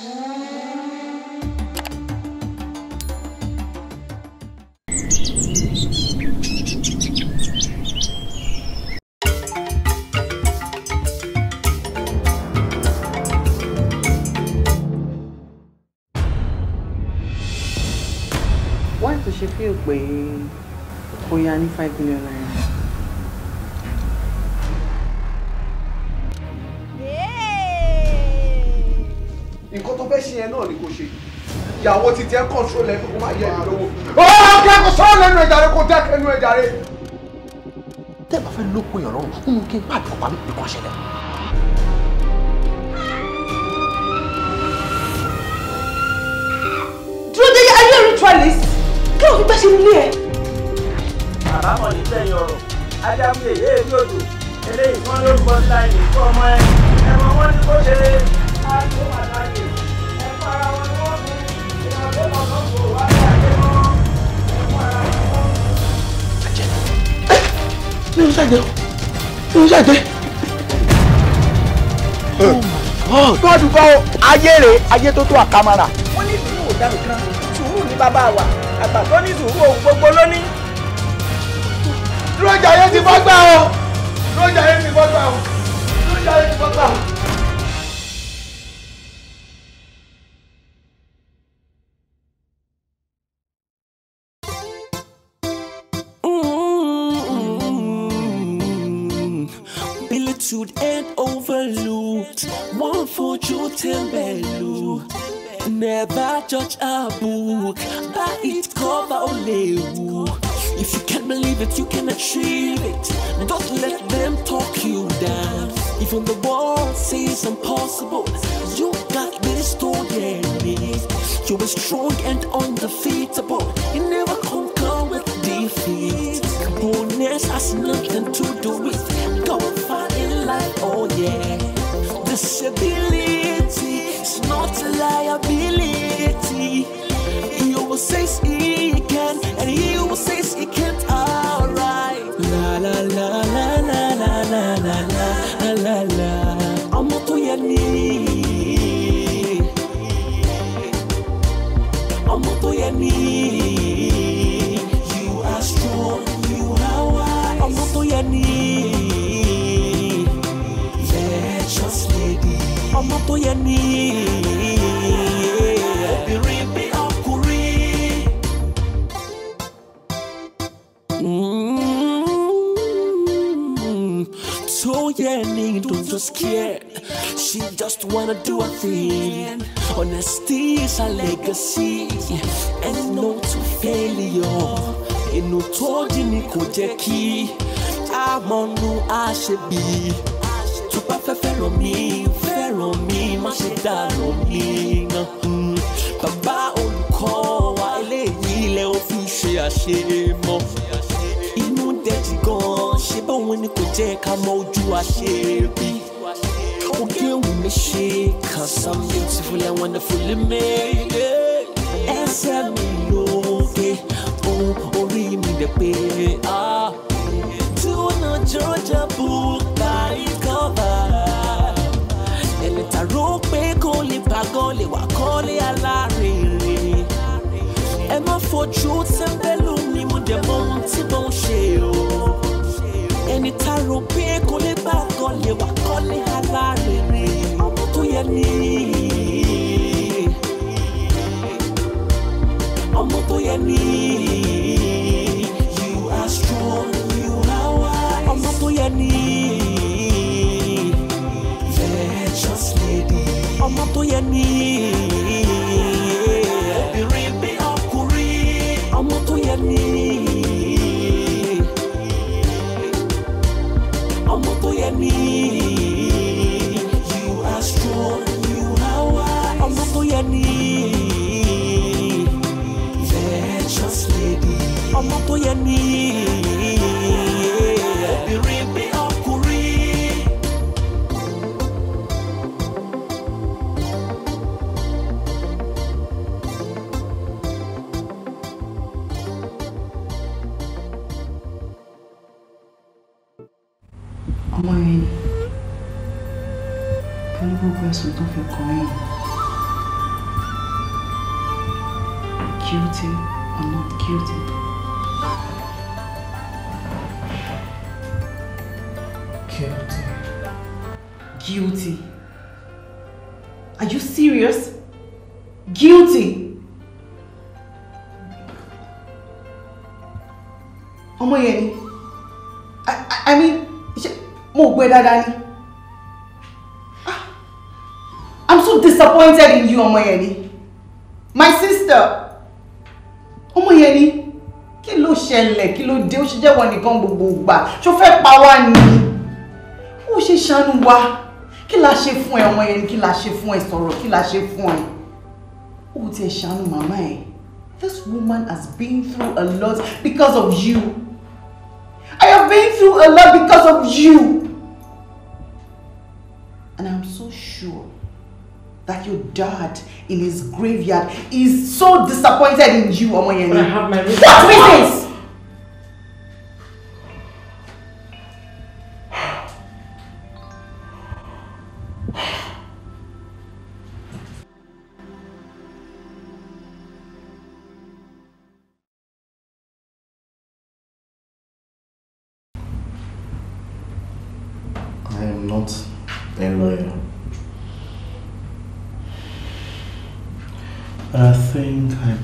Why does she feel pé we only five million naira? ìyàwó ti tiẹ̀ kọ̀ọ̀ṣọ́ lẹ́nu kó má yẹ ẹni lówó. ó kẹ́kọ̀ọ́ sọ́ọ́ lẹ́nu ẹ̀jà rẹ kó dákẹ́ ẹnu ẹ̀jà rẹ. tẹ́ ẹ bá fẹ́ lóko èèyàn lọ́rùn nínú kí n bá àdìpọ̀ pàmí ìkan ṣẹlẹ̀. dúró dé ayé ritualist kí ló fi gbé nílé ẹ. àbámọ̀ nílẹ̀ yọrọ̀ ádámù èyí èdè odò eléyìí wọ́n lórúkọ ńlá ẹnì mi ò ṣàjẹ́ mi ò ṣàjẹ́. Oh God kọ́ o ayé rè ayé tó tó àkàmàrà. wọ́n ní sùúrù ò dànù kan sùúrù ní bàbá wa àgbà tó ní sùúrù òun gbogbo ló ní. lójà yẹn ti you tembelu Never judge a book by its cover only. If you can't believe it, you can achieve it. Don't let them talk you down. Even the world says impossible. You got this to You are strong and undefeatable. You never conquer with defeat. Bonus has nothing to do with. Go find in life, oh yeah disability is not a liability. He always says he can, and he always says he can. just wanna do a thing. Honesty is a legacy, and no to failure. Inú tó dì ní kò jẹ́ kí àmọ́nu àṣebí. Tó bá fẹ́ fẹ́ràn mi, fẹ́ràn mi, má ṣe dànù mi. Mm-hmm. Bàbá olùkọ́ wa eléyìí lẹ ò fi ṣe àṣemọ́. Inú dẹ̀jì gan-an ṣe bóun ni kò jẹ́ ká mọ ojú àṣebí beautiful girl we may she. Cause I'm beautiful and wonderfully made Ẹsẹ̀ mi lókè, ohun orí mi dẹ̀ pé Tí ó náà jọjà bùkà ìkọ́bà Ẹni tàró pé kò lè bàgọ́ lè wà kọ́lé alárinrin Ẹ má fojú tẹ́ńbẹ́lú mi mo dẹ̀ mọ ohun tí mo ń ṣe o Ẹni tàró pé kò lè bàgọ́ lè wà kọ́lé alárinrin at me. Ọmọ tó yẹ mí. You are strong, you are wise. Ọmọ tó yẹ mí. Virtuous lady. Ọmọ tó yẹ mí. yẹ ni. obìnrin bí ọkùnrin. ọmọ yẹn pẹ̀lú gbogbo ẹ̀sùn tó fi kàn án guilty or not guilty. Guilty. Are you serious? Guilty. Omo yeni. I, I, mean, mo gbé dani. Ah, I'm so disappointed in you, omo yeni. My sister. Omo yeni. ni. Kí ló ṣẹlẹ̀? Kí ló dé? Ó ṣe jẹ́ wọn nìkan gbogbo ìgbà. Ṣo fẹ́ pa wá ni? Ó ṣe ṣàánú wa kí la ṣe fún ẹ ọmọ yẹn kí la ṣe fún ẹ sọ̀rọ̀ kí la ṣe fún ẹ ó ti ẹ̀ ṣàánú màmá ẹ this woman has been through a lot because of you I have been through a lot because of you and I'm so sure that your dad in his graveyard is so disappointed in you ọmọ yẹn ni what reasons.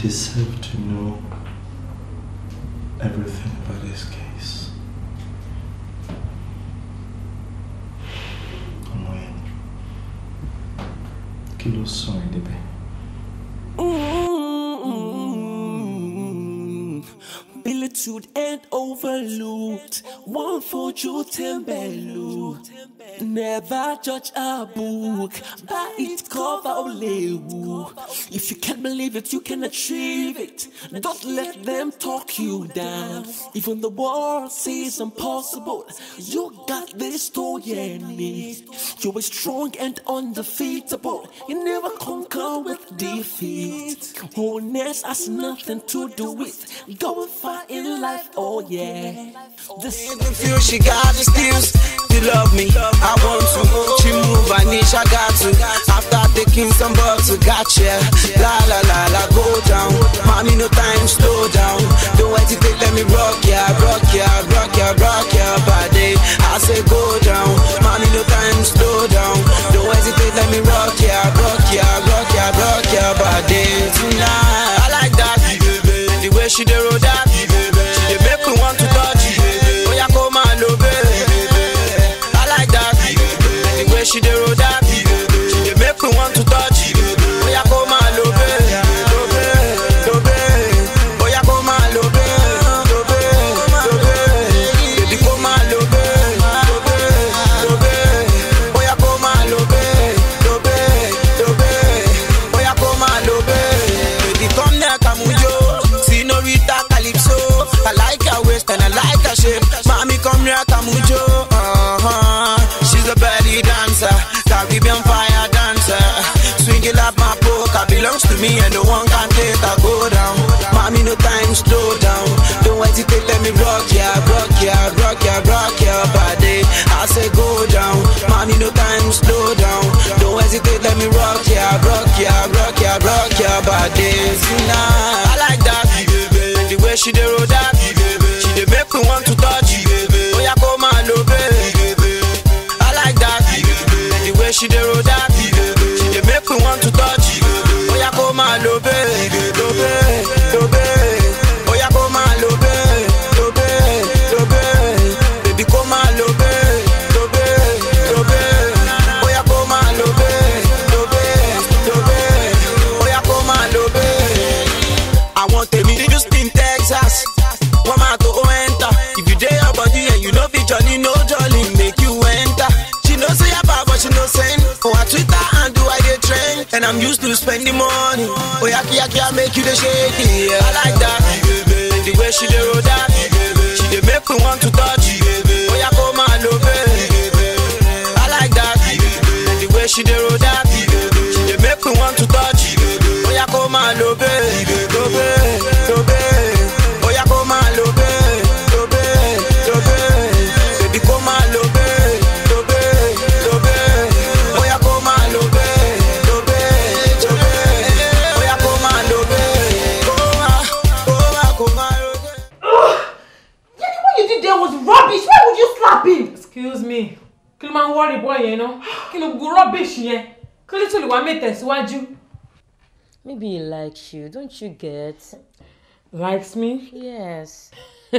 deserve to know everything about this case. Ọmọ yẹn kí ló sọ ẹ́ mm-hmm. Billitude and overlooked. one for Joe Tembelu. Never judge a book by its cover only. If you can't believe it, you can achieve it. Don't let them talk you down. Even the world seems impossible. You got this to your me. You are strong and undefeatable. You never conquer with defeat. Wholeness has nothing to do with going far in life. Oh yeah. This. Feel she got the skills to love me. I want to Gucci move, and need I got to. After taking some bucks, gotcha. La la la la, go down. Mommy, no time, slow down. Don't hesitate, let me rock ya, yeah, rock ya, yeah, rock ya, yeah, rock ya body. I say go down. Mommy, no time, slow down. Don't hesitate, let me rock ya, rock ya, rock ya, rock ya body tonight. I like that, baby. The way she did roll that. roll that. She dey make me want to talk. comes to me and no one can take I go down. Mommy, no time, slow down. Don't hesitate, let me rock ya, yeah, rock ya, yeah, rock ya, yeah, rock ya body. I say go down. Mommy, no time, slow down. Don't hesitate, let me rock ya, rock ya, rock ya, rock ya body. Now. the morning. Oh, yaki yaki, I make you the shake Yeah, I like that. The way she dey roll that, she dey make me want nìyẹn kí ló tó lè wá mí tẹ̀síwájú. maybe he likes you don't you get. likes me. yes.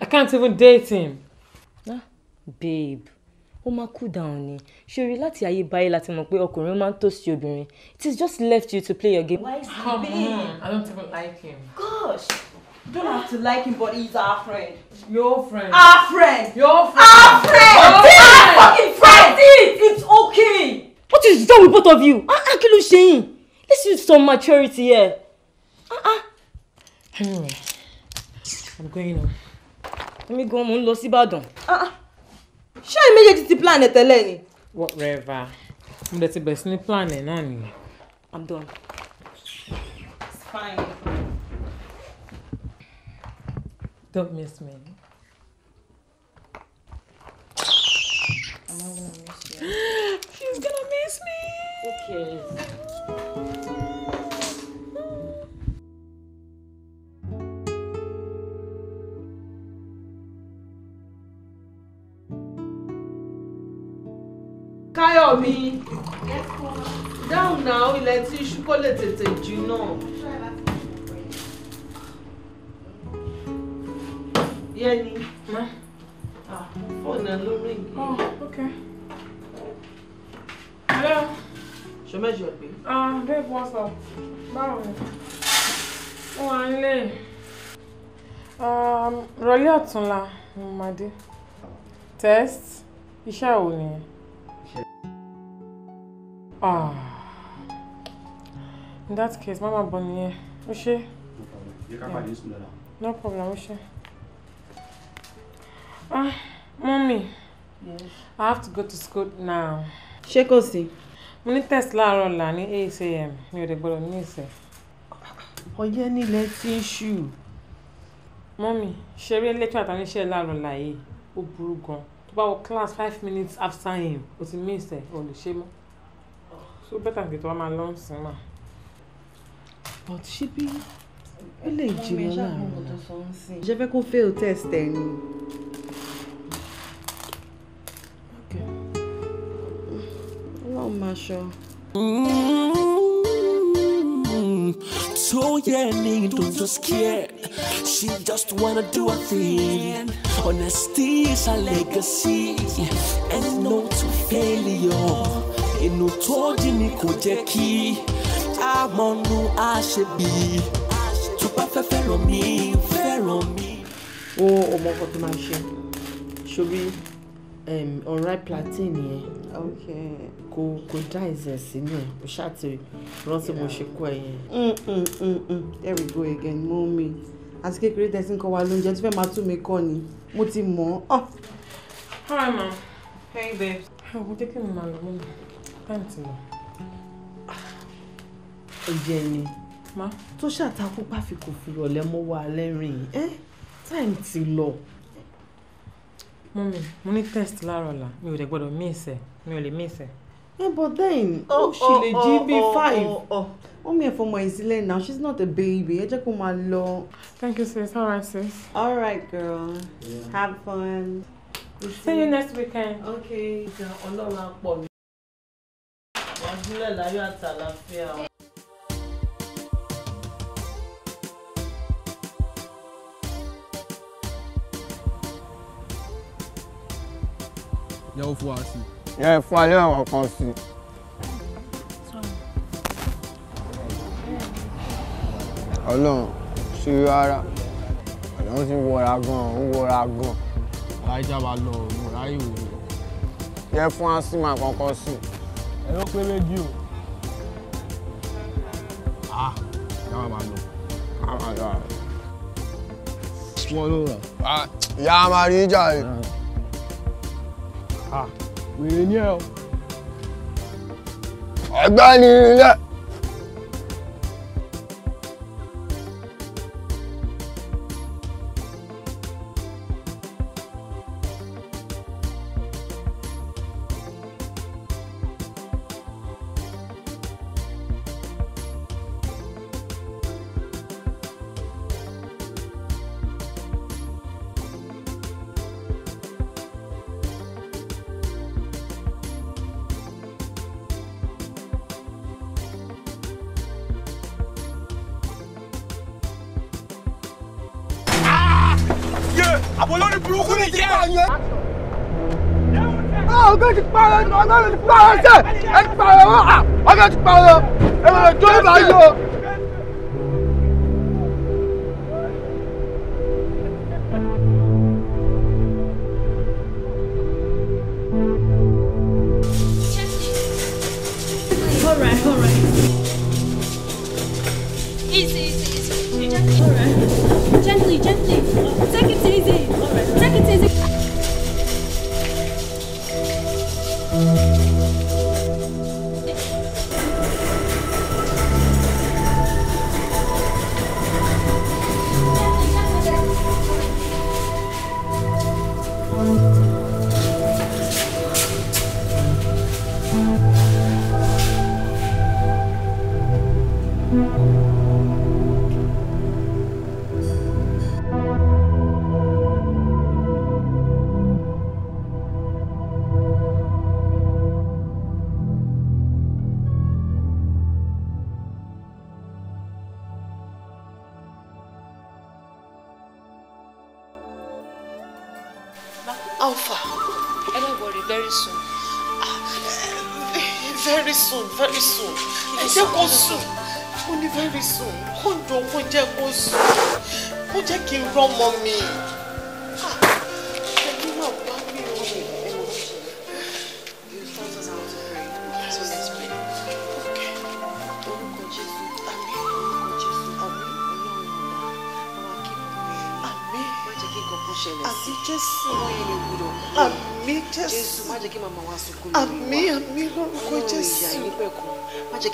i can't even date him. ah babe ó máa cool down ni ṣòrí láti ayébáyé láti mọ̀ pé ọkùnrin máa ń tòsí obìnrin it is just left you to play your game. why is he come on i don't even like him. gosh you don't have to like him but he's our friend. your friend. our friend. your friend. our friend. our friend. our fucking friend. it's okay what is wrong with both of you ah ah kí ló let's use some maturity here ah ah. anyway i'm going now. èmi gan mo ń lọ Ah ah. ṣé ẹ méjèèjì ti plan ẹ tẹ́lẹ̀ ni. whatever mo dẹ̀ ti bẹ̀rẹ̀ sí ní plan ẹ̀ náà nìyẹn. i'm done. it's fine. don't miss me. She's gonna miss me. Okay. Káyọ̀mí. Dáhùn náà ilẹ̀ tí iṣu kó lè tètè jinná. Yẹ́nì. Ah, fóònù ẹ̀ ló rìn. Oh, okay. Hello. Ṣé mẹ́jọ pé? Ah, babe, what's up? Báwo ni? Mo wà nílé. Um, Rọlẹ́ ọ̀túnla ni Test, iṣẹ́ wo nìyẹn? Ah, in that case, Mama máa bọ̀ nìyẹn. Ó ṣe? No problem, ó ṣe. Ah, mommy, yes. I have to go to school now ṣé kò sí. mo ní test láàárọ̀ ọ̀la ní eight a.m. mi ò dé gbọ́dọ̀ ní ìsẹ̀. ọyẹ́ nílẹ̀ tí ń ṣù. mọ́mì ṣeré lẹ́tọ́ àtàníṣe láàárọ̀ ọ̀la yìí ó burú gan-an tó bá wọ class five minutes after him o ti mí ìsẹ̀ o lè ṣe mọ́ so better kí tó wá máa lọ́ sí mà. but ṣé bí ó lè jìnnà láàárọ̀ ọ̀la ṣe fẹ́ kó fail test ẹ̀ ni. maṣọ. Mm-hmm. So yeah, nigga, just care. She just wanna do a thing. Honesty is a legacy, and no to failure. Inú tó jí ni kò jẹ́ kí àmọ́nú àṣebí. Tó bá fẹ́ fẹ́ràn mi, fẹ́ràn mi. Ó ọmọ ọkọ tó máa ṣe, ṣorí ọ̀rá plateau nìyẹn. Okay kò kò dá ẹsẹ̀ sílẹ̀ o ṣáàtì rántí mo ṣe kọ́ ẹ yẹn. there we go again mọ́mí àti kékeré tẹ̀sí nǹkan wa lóúnjẹ tó fẹ́ máa tún mi kọ́ ni mo ti mọ̀ ọ́. Ah! hi ma hey babe. àwọn kékeré mi máa lọ mọ́ mi time ti lọ. Ah, ẹ̀jẹ̀ ni tó ṣàtàkù pàfi kò fi rọ̀lẹ́ mọ́ lẹ́rìn ẹ́ eh, time ti lọ. mọ́mí mo ní test láàárọ̀ ọ̀la mi ò dẹ̀ gbọ́dọ̀ mí ìsẹ̀ mi ò lè mí ìsẹ̀. Hey, but then, oh, oh, she oh, le oh, jí bíi oh, five. Oh, oh. mi ẹ̀ fọmọ ẹ̀ sílẹ̀ now, she's not a baby. I just kó máa Thank you sis, all right sis. All right girl, yeah. have fun. see, you next weekend. Okay, ìjà ọlọ́run á yẹ fún alẹ́ ọ̀rọ̀ kan sí i. ọlọ́run ṣe rárá ọlọ́run ti gan-an ń wọra gan-an. aláìjà bá lọ òun ráyè òun. yẹ fún kankan sí i. ẹ ló pé o. ah ìyá wa máa lọ. a wọ́n ló rà. Ah, ìyá máa rí ìjà rẹ̀. ah. ah wèrè ní ẹ o. ọ̀gbẹ́ni ilé. àwọn olórí burúkú ni jẹ́. Ah, ọgọ́ ti parọ́ ọgọ́ ti parọ́ ṣe ẹ ti parọ́ ọgọ́ ti parọ́ ẹ wọ́n tó ìbáyọ̀.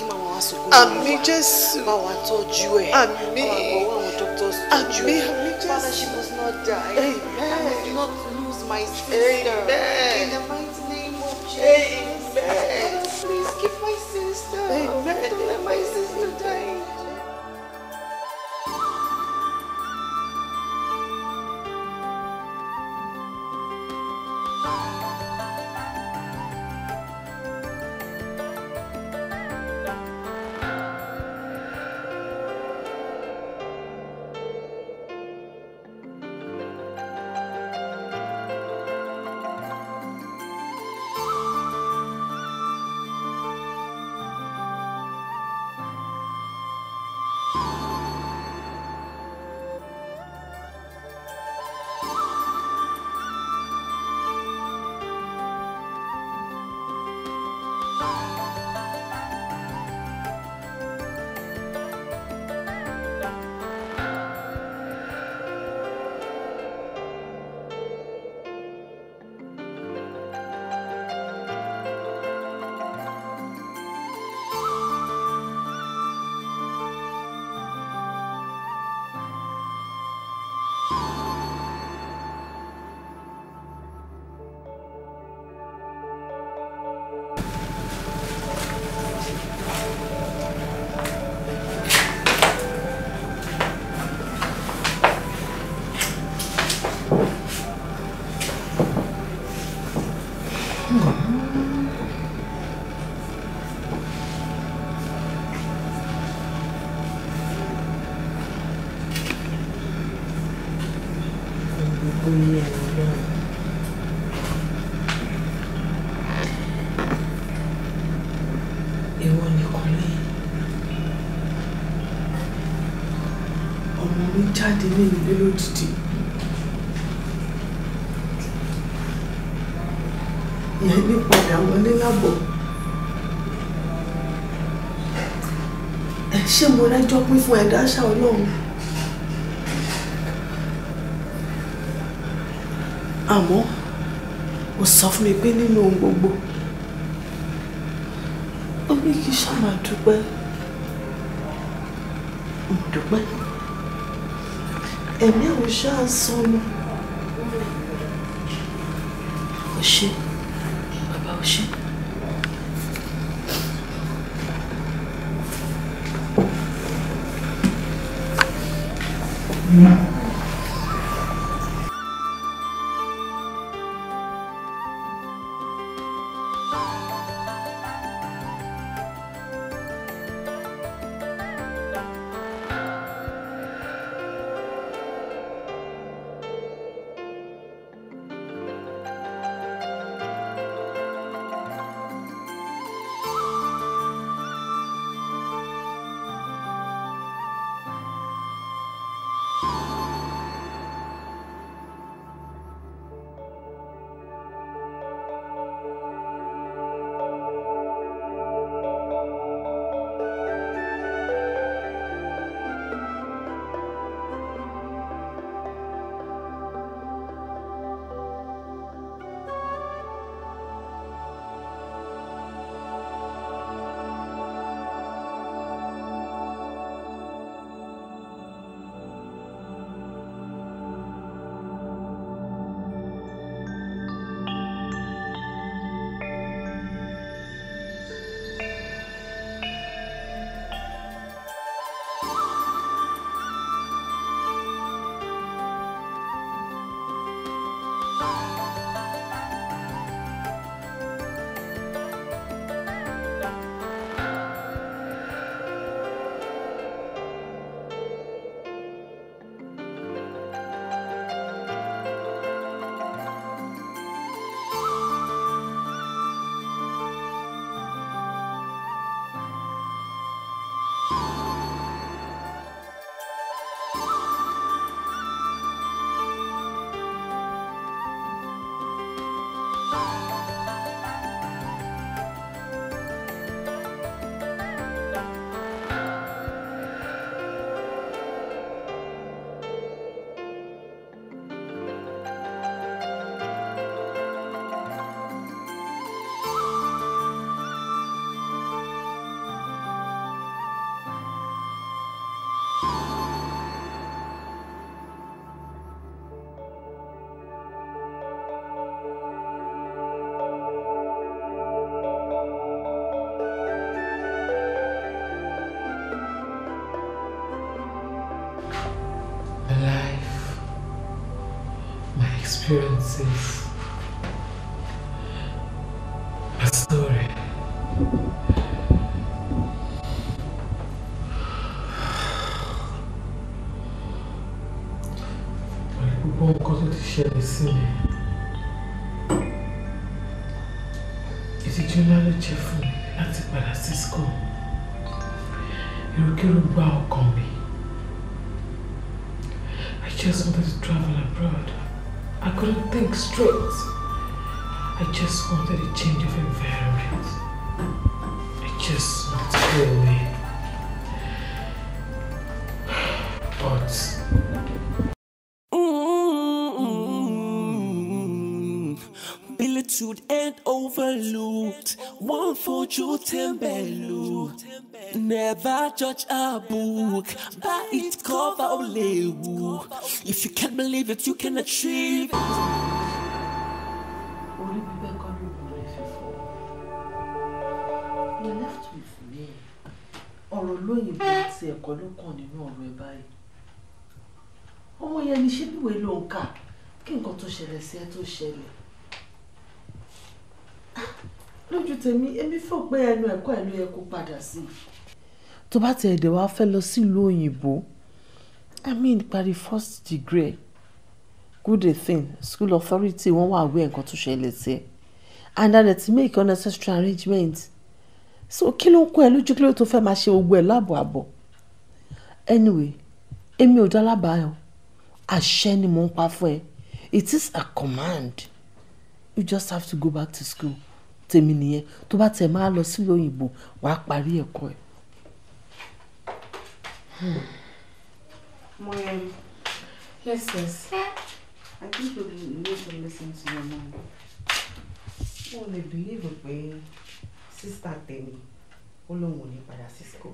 máa wá sunkún wọn. àmì jésù bá wa tọ́jú ẹ̀ àmì àwọn àwọn doctors tọ́jú ẹ̀ àmì jésù father she must not die amen i must not lose my sister amen in the mighty name of jesus amen please keep my sister amen don't let my sister die. odidi lẹ́ni padà wọlé lábọ̀ ẹ ṣé mo rẹ́jọ́ pín fún ẹ̀dá àṣà ọlọ́run àmọ́ ó sọ fún mi pé nínú ohun gbogbo ó ní kí ṣáà máa dúpẹ́ mo dúpẹ́. Eh bien, au à son nom. Rocher. Papa ah bah, myself. My story. Pẹ̀lú gbogbo nǹkan tó ti ṣẹlẹ̀ sí mi. Ìtìjú ńlá ló jẹ́ fún mi láti padà sí school. Irúkírú gbá ọkàn think straight. I just wanted a change of environment. I just want to go away. But... Mm-hmm. Bilitude and overlooked, one for Joe Tembelu. Never judge a book by its cover only. If you can't believe it, you can achieve. ọ̀rọ̀ lóyìnbó àti ẹ̀kọ́ ló kàn nínú ọ̀rọ̀ ẹ̀ báyìí ọmọ yẹn ni ṣé ló ń kà kí nǹkan tó ṣẹlẹ̀ sí ẹ tó ṣẹlẹ̀ ah, lójú tèmi èmi fò pé ẹnu ẹ̀kọ́ ẹ̀ ló yẹ kó padà sí i tó bá ti ẹ̀dẹ̀ wá fẹ́ lọ sílùú òyìnbó i mean parí first degree good thing school authority wọ́n wá àwé nǹkan tó ṣẹlẹ̀ sí and that it make unnecessary arrangement so kí ló ń kó ẹ lójú kí ló tó fẹ́ máa ṣe gbogbo ẹ̀ láàbọ̀ àbọ̀ anyway èmi ò dá lábàá o àṣẹ ni mò ń pa fún ẹ it is a command you just have to go back to school tèmi nìyẹn tó bá tẹ̀ máa lọ sílùú òyìnbó wàá parí ẹ̀kọ́ ẹ̀. Mom. Yes, yes. I think you need to listen to your mom. Ó lè believe pé sister tèmi ó lóun ò ní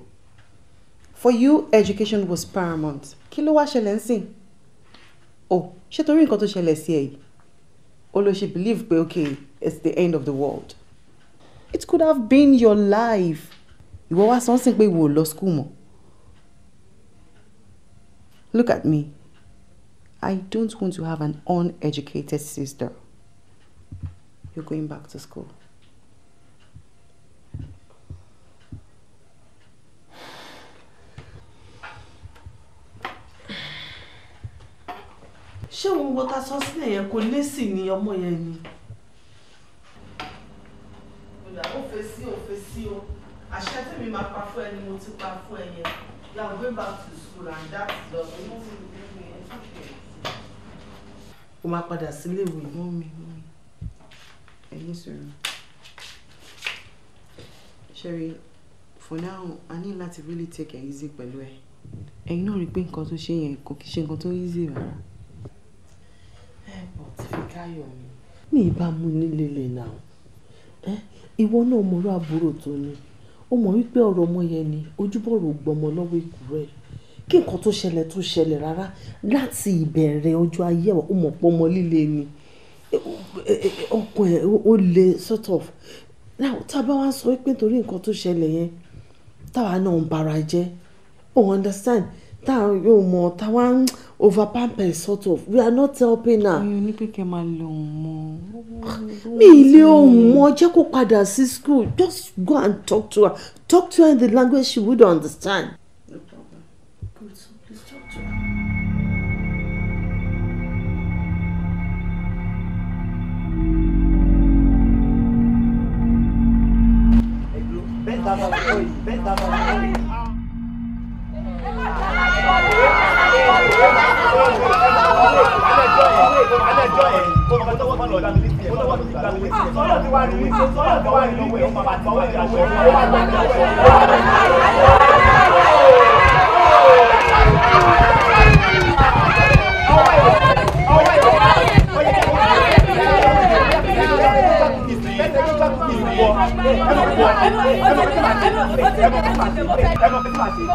For you, education was paramount. Kilo wa wá ṣẹlẹ̀ Oh, she torí nǹkan tó ṣẹlẹ̀ sí ẹ yìí? Ó ló believe pé okay, it's the end of the world. It could have been your life. Ìwọ wá sọ́nsìn pé ìwọ ò lọ school mọ́. Look at me. I don't want to have an uneducated sister. You're going back to school. ṣé wo ta sọ sílẹ̀ yẹn kò ni ọmọ yẹn ni. ó ó ó àṣẹ tèmi máa pa fún ẹ ni mo ti pa fún ẹ yẹn. Yeah, I'm going back to máa padà sílé ìwé mọ́ mi mọ́ sọ̀rọ̀. Ṣẹ́rí, for now, a ní láti really take it easy pẹ̀lú ẹ. Ẹ̀yin náà rí pé nǹkan tó ṣe yẹn kò kí ṣe nǹkan tó easy rárá. Ẹ bọ̀ tí fi káyọ̀ mi. Mi ì bá mú nílé lè nà. Ìwọ náà mo rú àbúrò tó ní ó mọ̀ wípé ọ̀rọ̀ ọmọ yẹn ni ojúbọ̀rọ̀ gbọmọ lọ́wọ́ èkùrẹ́ kí nǹkan tó ṣẹlẹ̀ tó ṣẹlẹ̀ rárá láti ìbẹ̀rẹ̀ ọjọ́ ayé ẹ̀ ó mọ̀ pọ́ ọmọ líle ni ọkàn ó le sort of now tá a bá wá sọ pé nítorí nǹkan tó ṣẹlẹ̀ yẹn táwa náà ń bara jẹ́ ó understand tá a yóò mọ táwa ń over pamper sort of we are not helping her. mi ò ní pé kẹ́ máa lọ òun mọ́. mi ilé òun mọ jẹ́ kó padà sí school just go and talk to her talk to her in the language she would understand. Bẹ́ẹ̀ dábàá lọ́wọ́ yìí bẹ́ẹ̀ dábàá lọ́wọ́ yìí. ẹjọ́ ẹ̀ kó máa tọ́wọ́ máa lọ dá mi létí ẹ̀ máa wà lórí dá mi létí ẹ̀ sọ́yọ̀ tí wà ní wíwí sọ́yọ̀ tí wà ní wíwí ó máa tọ́wọ́ ẹ̀ àwọ̀ ẹ̀ ó máa tọ́wọ́ ẹ̀ ẹ̀rọ ẹ̀rọ ẹ̀rọ ẹ̀rọ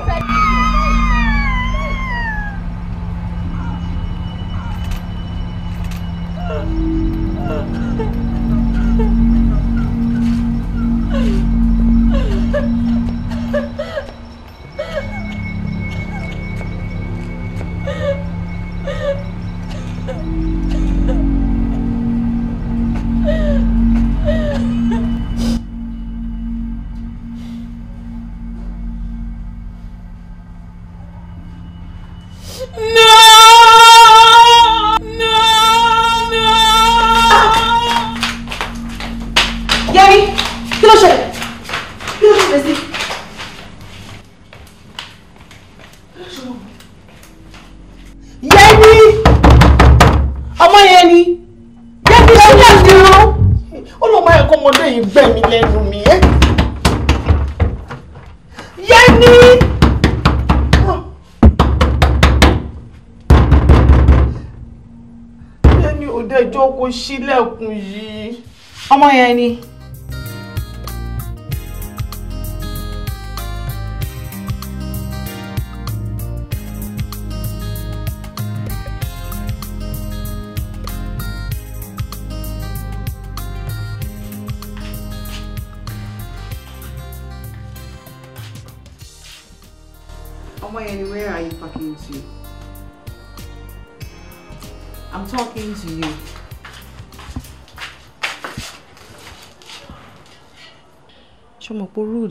yani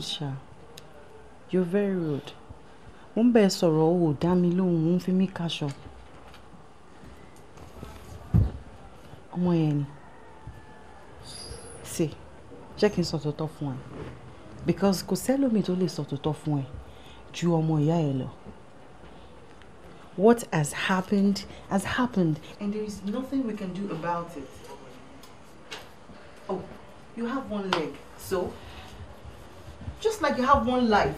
rude ṣá you're very rude mo ń bẹ̀ sọ̀rọ̀ o ò dá mi lóhùn ó ń fi mí kaṣọ ọmọ yẹn ni ṣe jẹ́ kí n sọ tòótọ́ fún ẹ because kò sẹ́lómi tó lè sọ tòótọ́ fún ẹ ju ọmọ ìyá ẹ lọ what has happened has happened and there is nothing we can do about it oh you have one leg so just like you have one life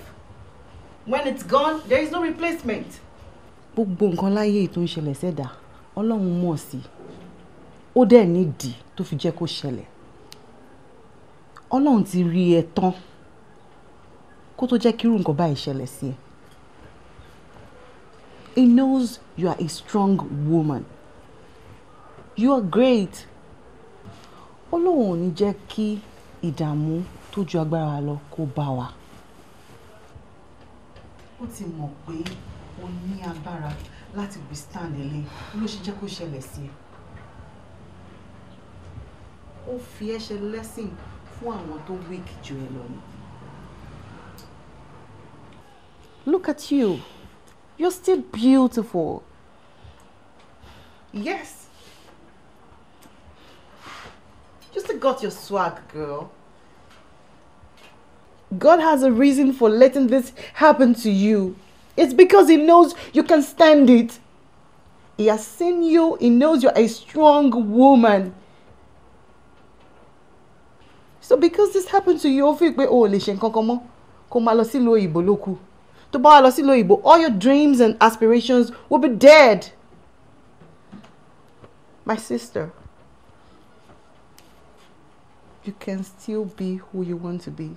when it's gone there is no replacement. gbogbo nǹkan láyé ètò ń ṣẹlẹ̀ sẹ́dà ọlọ́run mọ̀ sí ó dẹ̀ nídìí tó fi jẹ́ kó ṣẹlẹ̀ ọlọ́run ti rí ẹ tán kó tó jẹ́ kírú nǹkan báyìí ṣẹlẹ̀ sí ẹ. He knows you are a strong woman. You are great. Ọlọ́run ò ní jẹ́ kí ìdààmú tó ju agbára lọ kó bá wa. ó ti mọ̀ pé o ní agbára láti withstand eléyìí ló ṣe jẹ́ kó ṣẹlẹ̀ sí ẹ. ó fi ẹ́ lẹ́sìn fún àwọn tó weak jù ẹ lọ ni. Look at you. You're still beautiful. Yes. Just got your swag, girl. God has a reason for letting this happen to you. It's because He knows you can stand it. He has seen you, He knows you're a strong woman. So because this happened to you, ó fi pé all your dreams and aspirations will be dead. My sister, you can still be who you want to be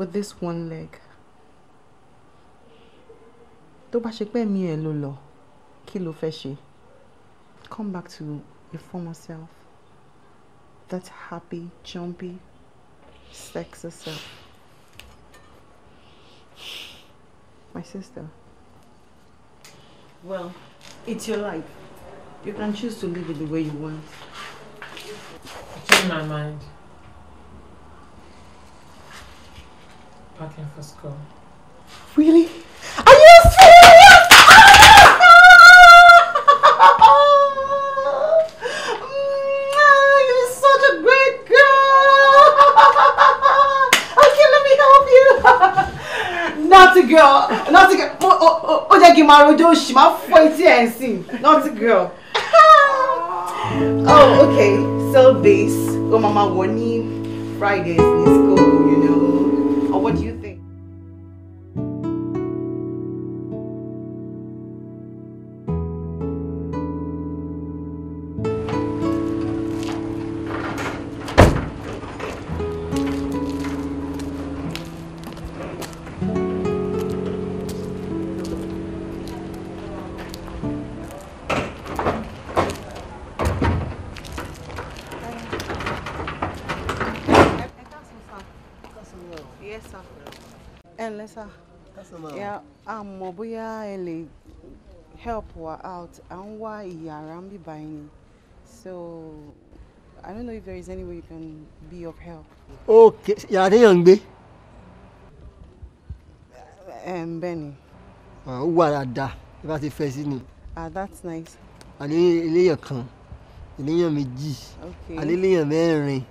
with this one leg come back to your former self that happy jumpy sexy self my sister well it's your life you can choose to live it the way you want it's in my mind packing for school. Really? Are you serious? You're such a great girl. Okay, let me help you. Naughty girl. Naughty girl. Oh, oh, oh, jẹ́ kí n máa rojọ́ òṣì máa fọ́ etí ẹ̀ ń sìn. Naughty girl. Oh, okay. So base. Oh, mama, wọ́n ní Fridays ní school. pẹ̀lẹ́ sá àmọ́ bóyá ẹ lè help wa out à ń wá ìyàrá ń bíbá yín so I don't know if there is any way you can be of help. okay yàrá téèyàn ń gbé. bẹ́ẹ̀ ni. ó wà dáadáa bí wọ́n ti fẹ́ sí ni. ah that's nice. àní eléyàn kan eléyàn méjì àní eléyàn mẹ́rin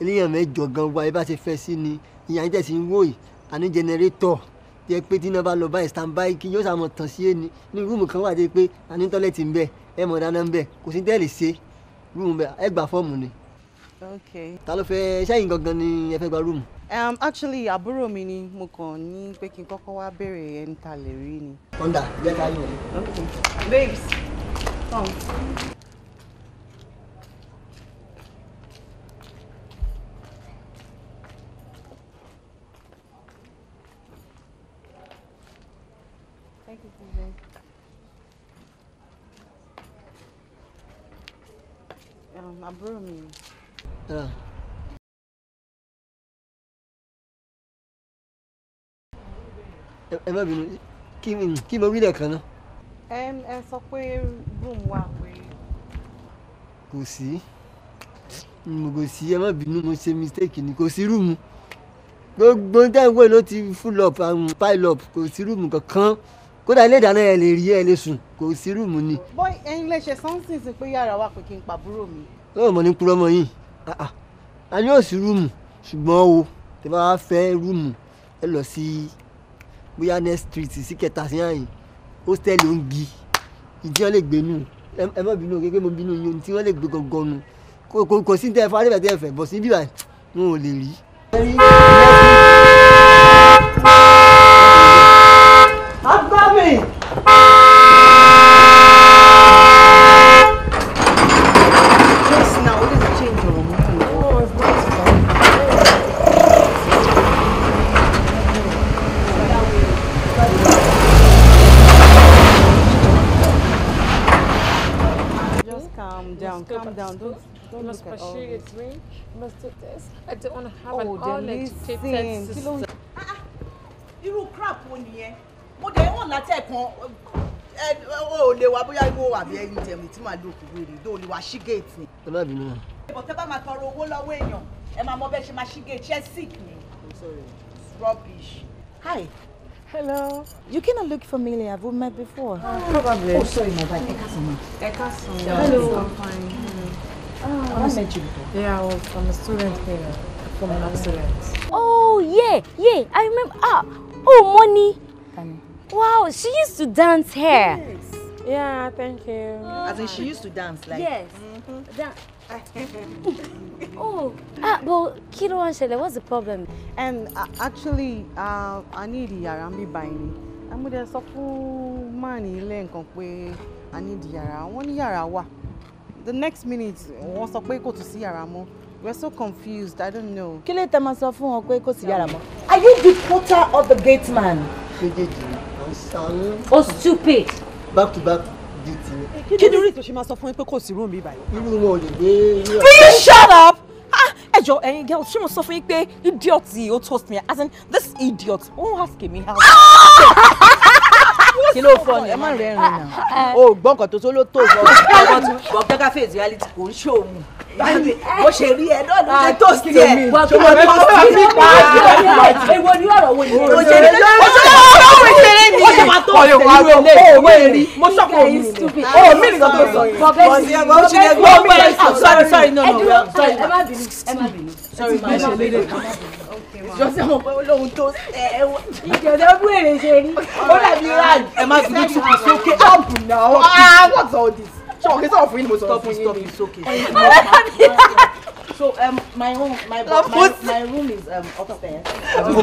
eléyàn mẹ́jọ gan wa bí wọ́n ti fẹ́ sí ni ìyàrá tẹ̀sí ń wò yìí àní jẹnẹrétọ̀ jẹ́ pé tí iná bá lọ báyìí standby kí yóò sàmọ̀ tàn sí ẹni ní rúùmù kan wà dé pé àní tọ́lẹ̀tì ń bẹ ẹ mọ̀ dáná ń bẹ kò sí tẹ́lẹ̀ ṣe rúùmù bẹ ẹ gbà fọ́ọ̀mù ni. okay. ta ló fẹ́ ṣẹ́yìn gangan ni ẹ fẹ́ gba rúùmù. Um, actually àbúrò mi ni mo kàn ní pé kí n kọ́kọ́ wá béèrè ẹni ta lè rí ni. kọ́ńdà jẹ́ ká yọ̀. okay babes come. Um, àbúrò mi ni. ẹ má bínú kí mo rí lẹ́ẹ̀kan náà. ẹ sọ pé room wà pé. kò sí kò sí ẹ má bínú mo ṣe mistake ni kò sí rúùmù gbogbo dáhùn ló ti full up and um, pile up kò sí rúùmù kankan kódà ilé ìdáná ẹ lè rí ẹ lè sùn kò sí rúùmù ni. bọ́ ẹ̀yin lè ṣe something sí pé yàrá wa pé kí n pàbúrò mi lọ́wọ́ mo ní kúrọ́ mọ́ yìí ah, ah. a ní òsì rúùmù ṣùgbọ́n o tẹ́ bá fẹ́ rúùmù ẹ lọ sí bóyá next street sí kẹta sí àyìn hostel ló ń gi ìdí wọn lè gbé nù ẹ má bínú kékeré mo bínú yín tí wọn lè gbé gangan nù kò sí ní tẹ́ ẹ fọ́ arẹ́bẹ̀tẹ́ ẹ̀fẹ̀ bọ̀ sí bíbá n ò lè rí. oh, an uneducated sister. crap wo nìyẹn? Mo dẹ̀ wọ̀n látẹ̀kan o lè wá bóyá ibo àbí ẹyin tẹ̀mí tí màá lò kúrò rè dó o lè wá ṣí géètì. Ẹ má bínú. Ìbò tẹ́ bá máa tọrọ owó lọ́wọ́ èèyàn, ẹ máa mọ bẹ́ẹ̀ ṣe máa ṣí géètì. Rubbish. Hi. Hello. You cannot look familiar. We've met before. Oh, probably. Oh, sorry, my bad. Ekasun. Ekasun. Hello. I'm fine. Oh, I met you before. Yeah, I was from a student here, from an accident. Oh, yeah, yeah, I remember. Ah, oh, Money. Wow, she used to dance here. Yes. Yeah, thank you. Oh. As in, she used to dance, like. Yes. Mm-hmm. oh, ah, but kí ló what's the problem? And uh, actually, uh, I need yàrá mi báyìí. Àmúdẹ sọ fún máà ní ilé nǹkan pé I need yara. Wọ́n ní yàrá wà the next minute wọ́n sọ pé kò tún sí yàrá mọ́ we are so confused i don't know. kí lè tẹ́ máa sọ fún wọn pé kò sí yàrá mọ́. are you the porter or the gate man. ṣèjèjì o stupid. back to back duty. kí ni orí ètò ṣe máa sọ fún yín pé kò sí room bíbá yìí. irú wọn ò lè gbé. will you shut up ah, ẹjọ ẹyin girl ṣé mo sọ fún yín pé idiot yìí ó toast me as in this idiot won't ask me how. kí ló fọ ni ẹ má rẹ́rìn náà ah, ah. o gbọ́n kan tó tó ló tó fọ. bọ́ọ̀kẹ́ ká fèsì reality kò ń ṣòwò bó ṣe rí ẹ náà ló ṣe tó sí ẹ. wà á kí wọn tó sí ní pàṣẹ. èwo ni ọ̀rọ̀ wo ni. o ṣe lè lọ o ṣe lè lọ o ṣe lè ní. o ṣe máa tó ṣe ní o ò wé rí mo sọ̀kò oh, mi o mi nìkan tó sọ. bọ̀gẹ́sì bọ̀gẹ́sì bọ̀gẹ́sì sorry sorry no no sorry. ẹ má bínú ẹ má bínú. sorry ma ṣe lédè ìjọsìn mọ̀ pé olóhùn tó ṣe ẹ̀wọ̀n. ìjọba bú èrè ṣe rí. ó dàbí rag. ẹ má fi lùtù fi sókè. jọ́ọ̀bù náà Ah, what's all this. ṣé òkè sọ̀rọ̀ fún yín ni mo sọ̀rọ̀ fún yín ni. stop it stop it So um, my room, my my, my room is um upstairs.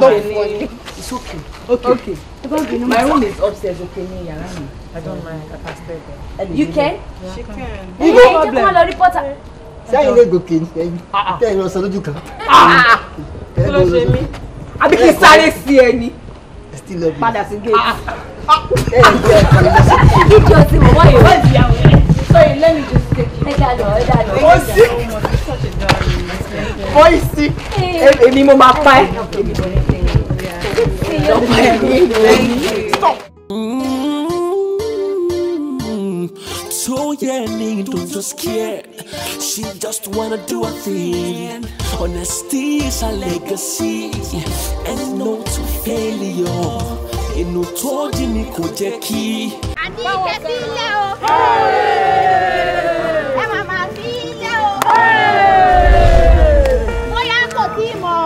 Okay, it's okay. Okay. Okay. okay. My room is upstairs. Okay, me, Yarami. I don't mind. I can stay there. You can? Yeah. She can. No problem. Say you go kin. Tell you so do you can. Ah. ah ló ṣe mí àbí kí n sáré sí ẹ ni padà sí gate. fídíò ah, ah, ah. eh, tí mo wọ́n yìí wọ́n ti yàwó rẹ̀. sorry let me just take it. ẹ jà lọ ẹ jà lọ. mo sick boy sick eh. Eh, èmi mo máa pa ẹ́. stop so yeah, nigga, don't just care. She just wanna do a thing. Honesty is a legacy, and no to failure. Inú tó dì ní kò jẹ́ kí. Àní ìkẹ́ sí ilé o. Ẹ máa máa sí ilé o. Bóyá kò tí ì mọ̀.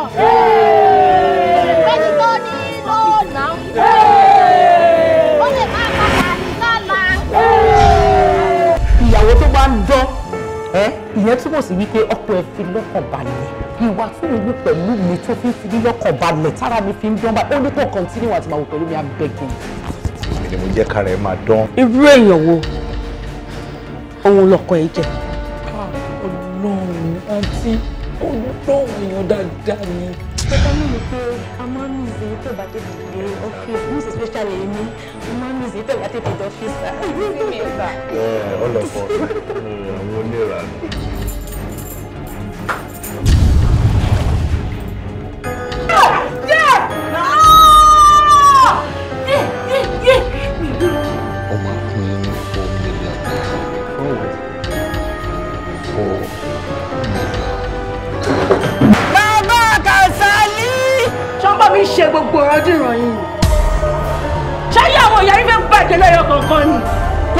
ìyẹn túmọ̀ sí wípé ọkọ ẹ fi lọ́kàn balẹ̀ ìwà tí mo wí pẹ̀lú mi tó fi ń fi lọ́kàn balẹ̀ tára mi fi ń dán báyìí ó ní kò continue àti màwò pẹ̀lú mi i'm begging. èmi ni mo jẹ́ kára ẹ máa dán. irú èèyàn wo òun lọkọ ẹ jẹ. Ah, ọlọ́run àǹtí olùdóhùn èèyàn dáadáa ni. Pẹ̀lú mi pé a máa ń mìsì tó bá tètè dé ọ́fíìsì, mo sì special èmi, a máa ń mìsì tó bá tètè dé ọ́fíìsì. Ẹ ọ́ lọ fọ naira ni. ọmọ akun yín ní four million naira. four million. bàbá Kàsálí. sọ́kọ́ mi ṣe gbogbo ọdún ìròyìn. ṣáyé àwọn ìyá yín fẹ́ bàjẹ́ lẹ́yọ kọ̀ọ̀kan ni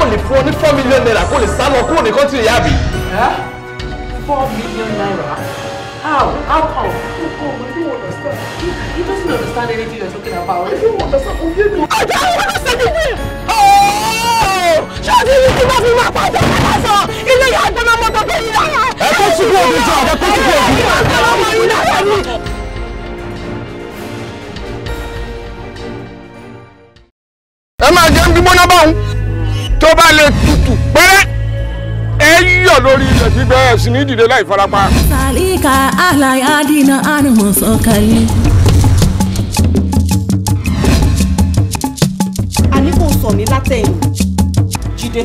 kò lè fún ọ ní four million naira kò lè sá lọ kúrò ní kọ́ńtì ìyá àbí. four million naira how how come you go you don't understand you, you don't understand anything you're talking about you don't understand o yé mi. ọjọ́ àwọn ọ̀sẹ̀ ti wí ṣọ́ọ̀tì yìí ti máa fi máa pa ọjọ́ kẹta sọ ilé ìyá àgbọ̀nà mọ́tò tó yìí lára. ẹ kó sùkú òbí jọ àbẹ kó sùkú òbí. ilé ìyá àgbọ̀nà mọ́tò yìí lára ni. ẹ máa jẹun gbígbóná báwọn tó bá lè tutù pẹ́rẹ́ ẹ yọ̀ lórí ilẹ̀ gbígbẹ́ ẹ̀sìn ní ìdílé láì farapa. sàlíkà aláyádínà àrùn sọ̀kalẹ̀. a ní kò sọ mí látẹ̀yìn jíde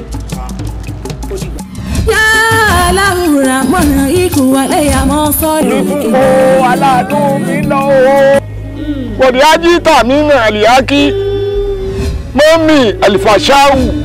ó mọ̀nà ikú wálé àmọ́ sọ́ọ̀lù. ìlú kò aláàánú mi lọ o. kò ajíta mi náà lè á kí mọ́mì àlìfàṣáwù.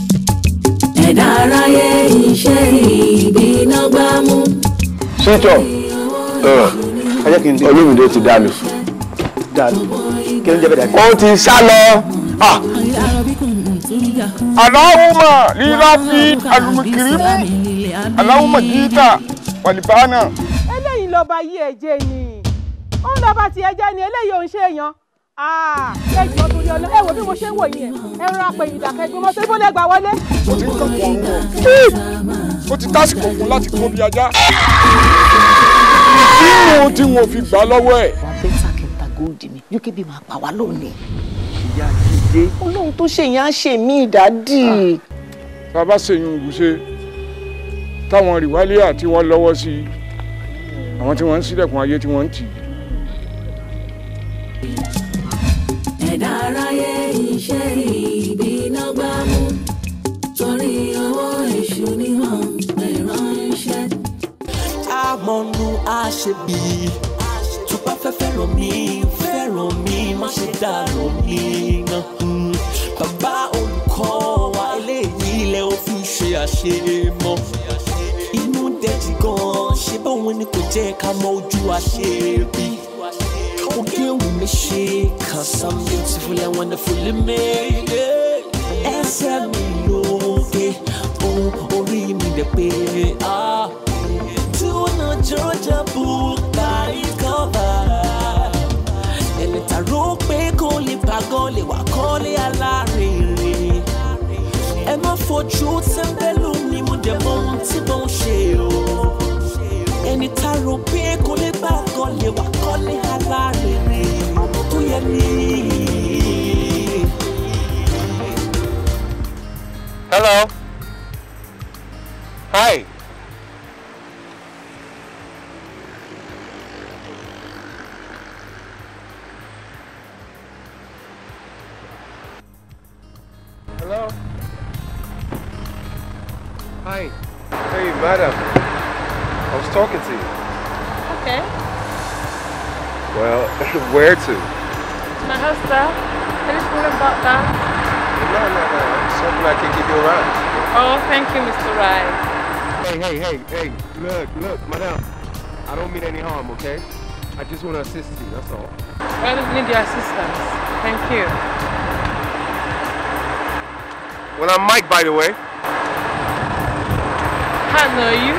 ẹ̀dá aráyé iṣẹ́ ìbínágbá mú. sítọ̀ olómìnira ti dànù. dànù kí ló ń jẹ́ bẹ́ẹ̀ dànù. ó ti sá lọ. aláwùmá lílá fi alùmùkìrìmù aláwùmá jíta wàlìbánà. eléyìí lọ́ba yí ẹ̀jẹ̀ ni ó ń lọ́ba tí ẹ̀jẹ̀ ni eléyìí ò ń ṣèyàn. Ah! ẹ jọ torí ọlọ ẹ wò bí mo ṣe ń wò yín ẹ ẹ rọra pẹ̀yìn ìdàkẹ́gbẹ́ mọ́ sí bọ́lẹ̀ gbà wọlé. mo ti ń tọ́kùn ọ̀run o ó ti tásìkò fún láti tó bí ajá kí wọn tí wọn fi gbà lọ́wọ́ ẹ̀. wà á bẹ́ sàkẹ́ta góòdì mi UKB máa pa wá lónìí. ìyá jíde. olóhùn tó ṣe yẹn á ṣe mí ìdádì. bàbá ah. ṣèyún ògùnṣe táwọn rìwálíà tí wọ́n lọ́wọ́ sí i àwọn tí wọ́n ń sílẹ̀kùn ayé tí wọ́n ń tì í iṣẹ́ ibi lọ́gbà mú torí owó èṣù ni wọ́n pè ránṣẹ́. àmọ́nu àṣebí tó bá fẹ́ fẹ́ràn mi fẹ́ràn mi má ṣe dàrú mi náà. bàbá olùkọ́ wa eléyìí lẹ ò fi ṣe àṣemọ́ inú dẹ̀jì gan-an ṣe báwọn ni kò jẹ́ ká mọ ojú àṣebí. who deal with me shit Cause I'm beautiful and wonderfully made Ẹsẹ̀ mi lókè, ohun orí mi dẹ̀ pé Tí ó na jọjà bùkárí kọ́ba Ẹlẹ́ta rò pé kò lè pàgọ́ lè wà kọ́lé alárinrin Ẹ má fojú tẹ́ńbẹ́lú mi mo dẹ̀ mọ ohun tí mo ń ṣe o ẹni tá a rò pé kò lè bá a kọ́ lè wà kọ́lé alárinrin. Hello. Hi. Hello. Hi. Hey, madam. I was talking to you. Okay. Well, where to? my house there. I just wouldn't bought that. No, no, no. something I can give you a ride. Oh, thank you, Mr. Ride. Hey, hey, hey, hey. Look, look, madam. I don't mean any harm, okay? I just want to assist you, that's all. I don't need your assistance. Thank you. Well, I'm Mike, by the way. I know you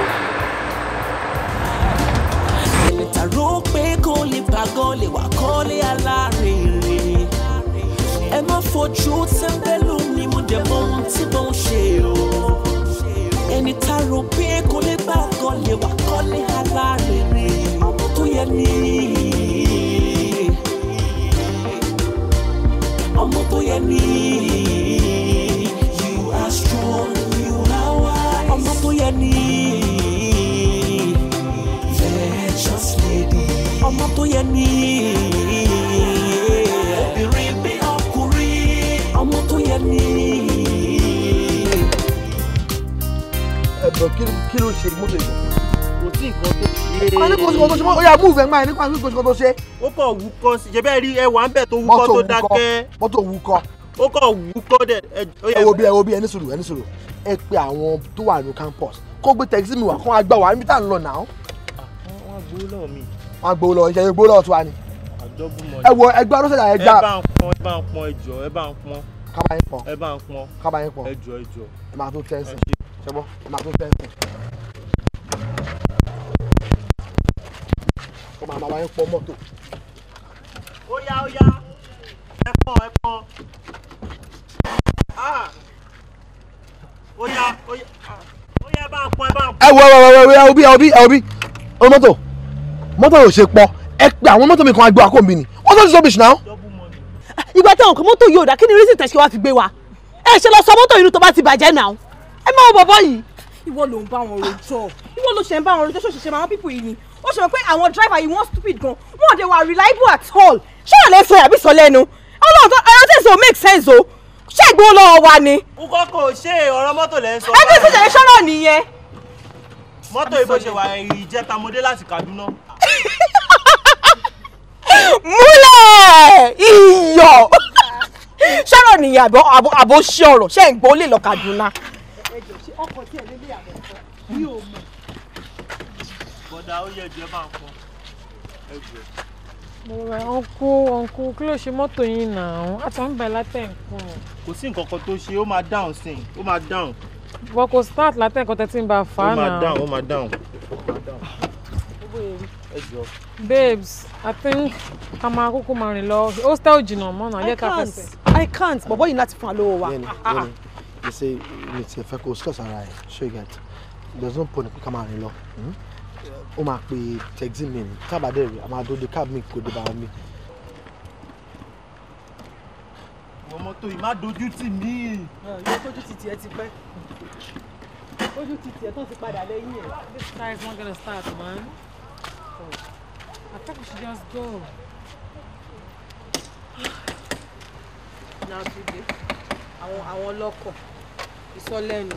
ẹ má fojú tẹ́ńbẹ́lú ni mo dẹ̀ mọ ohun tí mo ń ṣe o ẹni tá pé kò lè gbà wà kọ́lé alárinrin ọmọ tó yẹ nìyí ọmọ tó yẹ nìyí. strong, you are wise. Ọmọ tó yẹ ní. Virtuous lady. Ọmọ tó yẹ ní. kí ló ṣe mọ́tò ìgbà kò sí nǹkan tó ṣe é. ní kò sí nǹkan tó ṣe mọ́ ọ̀yà múùfẹ́ máa ní kò sí nǹkan tó ṣe. ó kọ̀ wúkọ sí ṣe bẹ́ẹ̀ rí ẹwà ń bẹ̀ tó wúkọ tó dákẹ́. mọ́tò wúkọ. ó kọ̀ wúkọ dẹ̀. ẹ wo bí ẹ wo bí ẹ ní sùúrù ẹ ní sùúrù ẹ pe àwọn tó wà ní campus kó gbé taxi mi wá kó gbà wá níbi tá à lọ nà án. wọ́n gbowó lọ́wọ́ mi. wọ́n gbowó lọ́wọ́ ẹ ẹ gbà. ẹ bá ń pọn ẹ bá ṣọgbọ́n ọmọ àtúntò fẹ́ fún ọmọ àmàwá yẹn pọ mọ́tò. ó yá ó yá ẹ̀pọ̀ ẹ̀pọ̀ ó yá ó yá ẹ bá ń pọ ẹ bá ń pọ. ẹ wọ ẹ wọ ẹ wọ bí ẹ bí ẹ bí ọ mọ́tò mọ́tò ò ṣe pọ ẹ pé àwọn mọ́tò mi kan agbó àkóńbí ni wọ́n sọ ti sọ́bìṣì náà. ìgbà táwọn kan mọ́tò yóò dá kí ni reason tẹ̀síwá fi gbé wa ẹ ṣe lọ sọ mọ́tò yìí tó bá ti bàjẹ́ náà ẹ máa wọ bọ̀bọ̀ yìí ìwọ ló ń bá wọn rojọ́ ìwọ ló ṣe ń bá wọn rojọ́ ṣòṣìṣẹ́ àwọn pípò yìí ni ó ṣe mọ̀ pé àwọn driver yìí wọ́n stupid gan wọn ò dé wà reliable at all ṣé ọ̀lẹ́ sọ àbí sọ lẹ́nu ọlọ́run tó ọ̀rọ̀ tí èso make sense o ṣé ìgbóhùn lọ́wọ́ wa ni. n kọ́ kò ṣe ọ̀rọ̀ mọ́tò lẹ́ ń sọ. ẹgbẹ́ ìṣẹ̀lẹ̀ ṣọ́rọ̀ nìyẹn. mọ́tò ìbò ṣe wà ìjẹta mọ́dé láti Kaduna. múlẹ̀ iyọ̀ ṣọ́rọ̀ nìyẹn àbó ṣe ọ̀rọ̀ ṣé ìgbóhùn lè lọ Kaduna ọkọ̀ tí ẹ̀ lé ní àbọ̀ mọ̀. bọ̀dà ó yẹ jẹ́ máa pọ̀ ẹgbẹ́. mo rẹ ọ̀nkú ọ̀nkú kí ló ṣe mọ́tò yín náà àtàwọn bẹ̀ látẹ̀ nǹkan. kò sí nǹkan kan tó ṣe ó máa dáhùn sí i ó máa dáhùn. wọn kò start látẹ̀ nǹkan ń bá a fà á náà. ó máa dáhùn ó máa dáhùn. babes i think ká máa kúkú máa rìn lọ hostel jìnnà mọ́nà ayé ká fẹsẹ̀. i can't bọ̀bọ́ yìí láti fún wa lówó wa they say mi ti fẹ́ kó stress ara ẹ̀ ṣé you get there's no point ká máa rìn lọ hmm? ó máa pe taxi mi ní káàbà dẹ̀ rí àmà àdóde cab mi kò dé mi. ìwọ mọ́tò yìí má dojú tì mí. yóò tójú ti ti ti tiẹ̀ tó ti padà lẹ́yìn this car is not gonna start man. Oh. I think we should just go. now today I want local ìsọlẹ́nu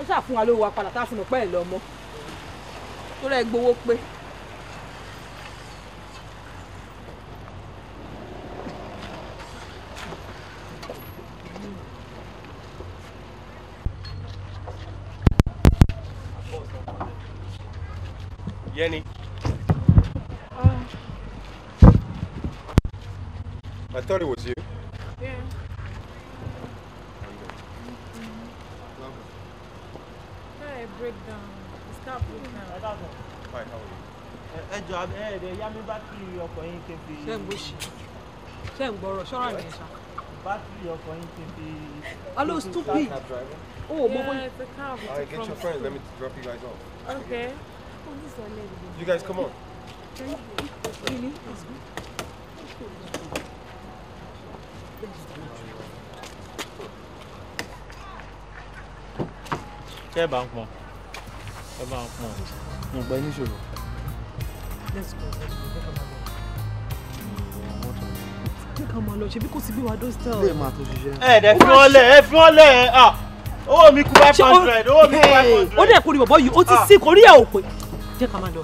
ó ṣàfún wa lówó wa padà tá a fún un ẹ̀ lọ́mọ tó rẹ̀ gbowó pé. Jenny. Ah. I thought it was you. breakdown. It's car breakdown. I don't know. Fine, how are you? Ẹ jọ ẹ ẹ̀dẹ̀ yá mi bátìrì ọkọ̀ yín kí Ṣé ń gbóṣì? Ṣé ń gbọ́rọ̀? Ṣọ́ra mi ẹ̀ Bátìrì ọkọ̀ yín kí n fi. Hello stupid. Oh, yeah, Bobo. it's a car. All right, get your friend. Let me drop you guys off. Okay. Oh, you guys come on. Thank you. Really? It's good. Quer banco, ẹ bá pọn mo gbẹ níṣòro. ẹ dẹ fi wọn lẹ ẹ fi wọn lẹ ah owó mi kú five hundred owó mi kú five hundred. ó dẹ̀ kórè bọ̀bọ̀ yìí ó ti sí kórè ẹ̀ ò pé jẹ́ ká máa lọ.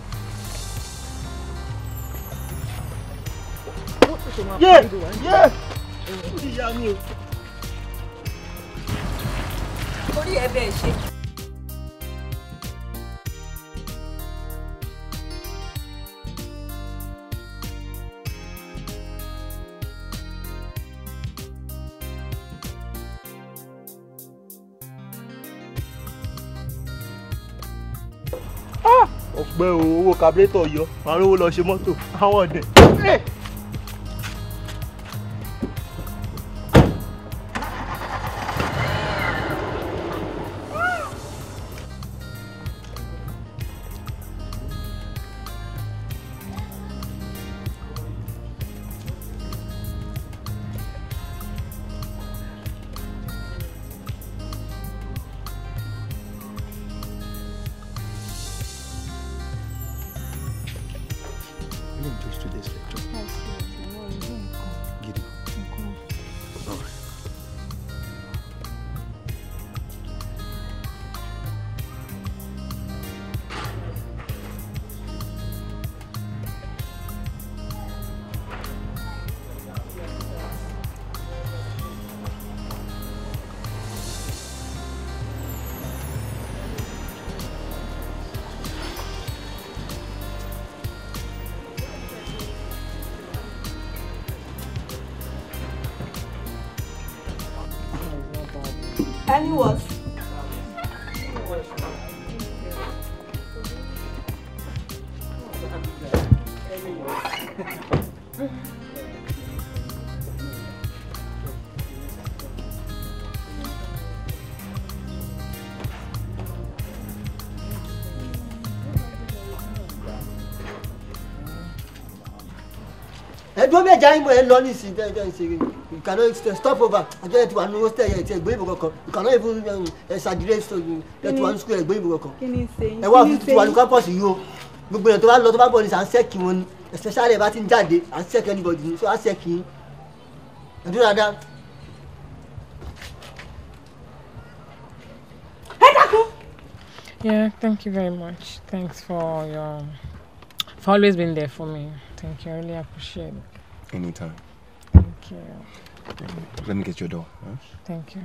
yé yé ìyá mi o. orí ẹ bẹ́ẹ̀ ṣe. kabilétọ̀ yọ màá rówó lọ ṣe mọ́tò àwọn ọ̀dẹ̀. any what? ẹ dúró bẹ́ẹ̀ jáyìn bọ̀ ẹ lọ ní ìsìn tẹ́jọ́ ìṣeré cannot stop over àjọ ẹ̀ ti wà ní hostel yẹn ti ẹ̀gbọ́n ìbò kankan you cannot even um, exaggerate eh, to get to ní school ẹ̀gbọ́n ìbò kankan ẹ̀ wá fi tuntun wà ní campus yìí o gbogbo èèyàn tó bá lọ tó bá bọ̀ ní sà ń sẹ́kì wọn ni especially ẹ̀ bá ti ń jáde à ń sẹ́kì anybody ni so à ń sẹ́kì yín ẹ̀dùn dáadáa. ẹ Yeah, thank you very much. Thanks for your for always being there for me. Thank you. I really appreciate it. Anytime. Thank you. Let me get your door. Huh? Thank you.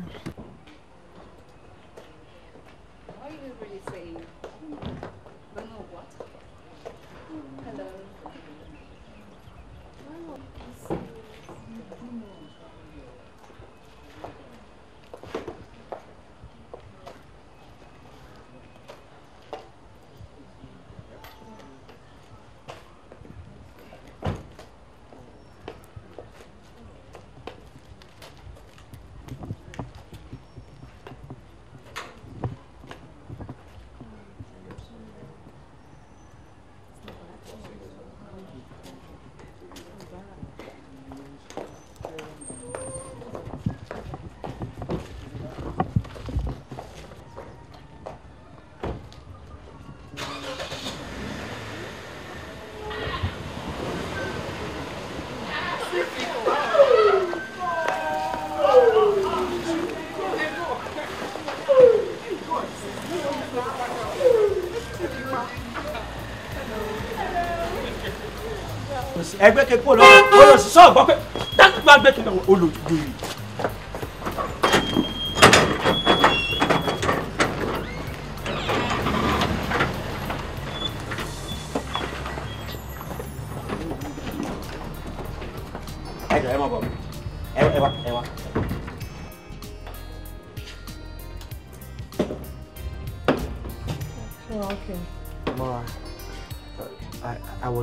ẹgbẹ́ kẹ́kọ̀ọ́ lọ́wọ́ olùsísọ́ ọ̀gbọ́n pé dákúgbà gbẹ́kẹ̀lẹ́ olùdóyè.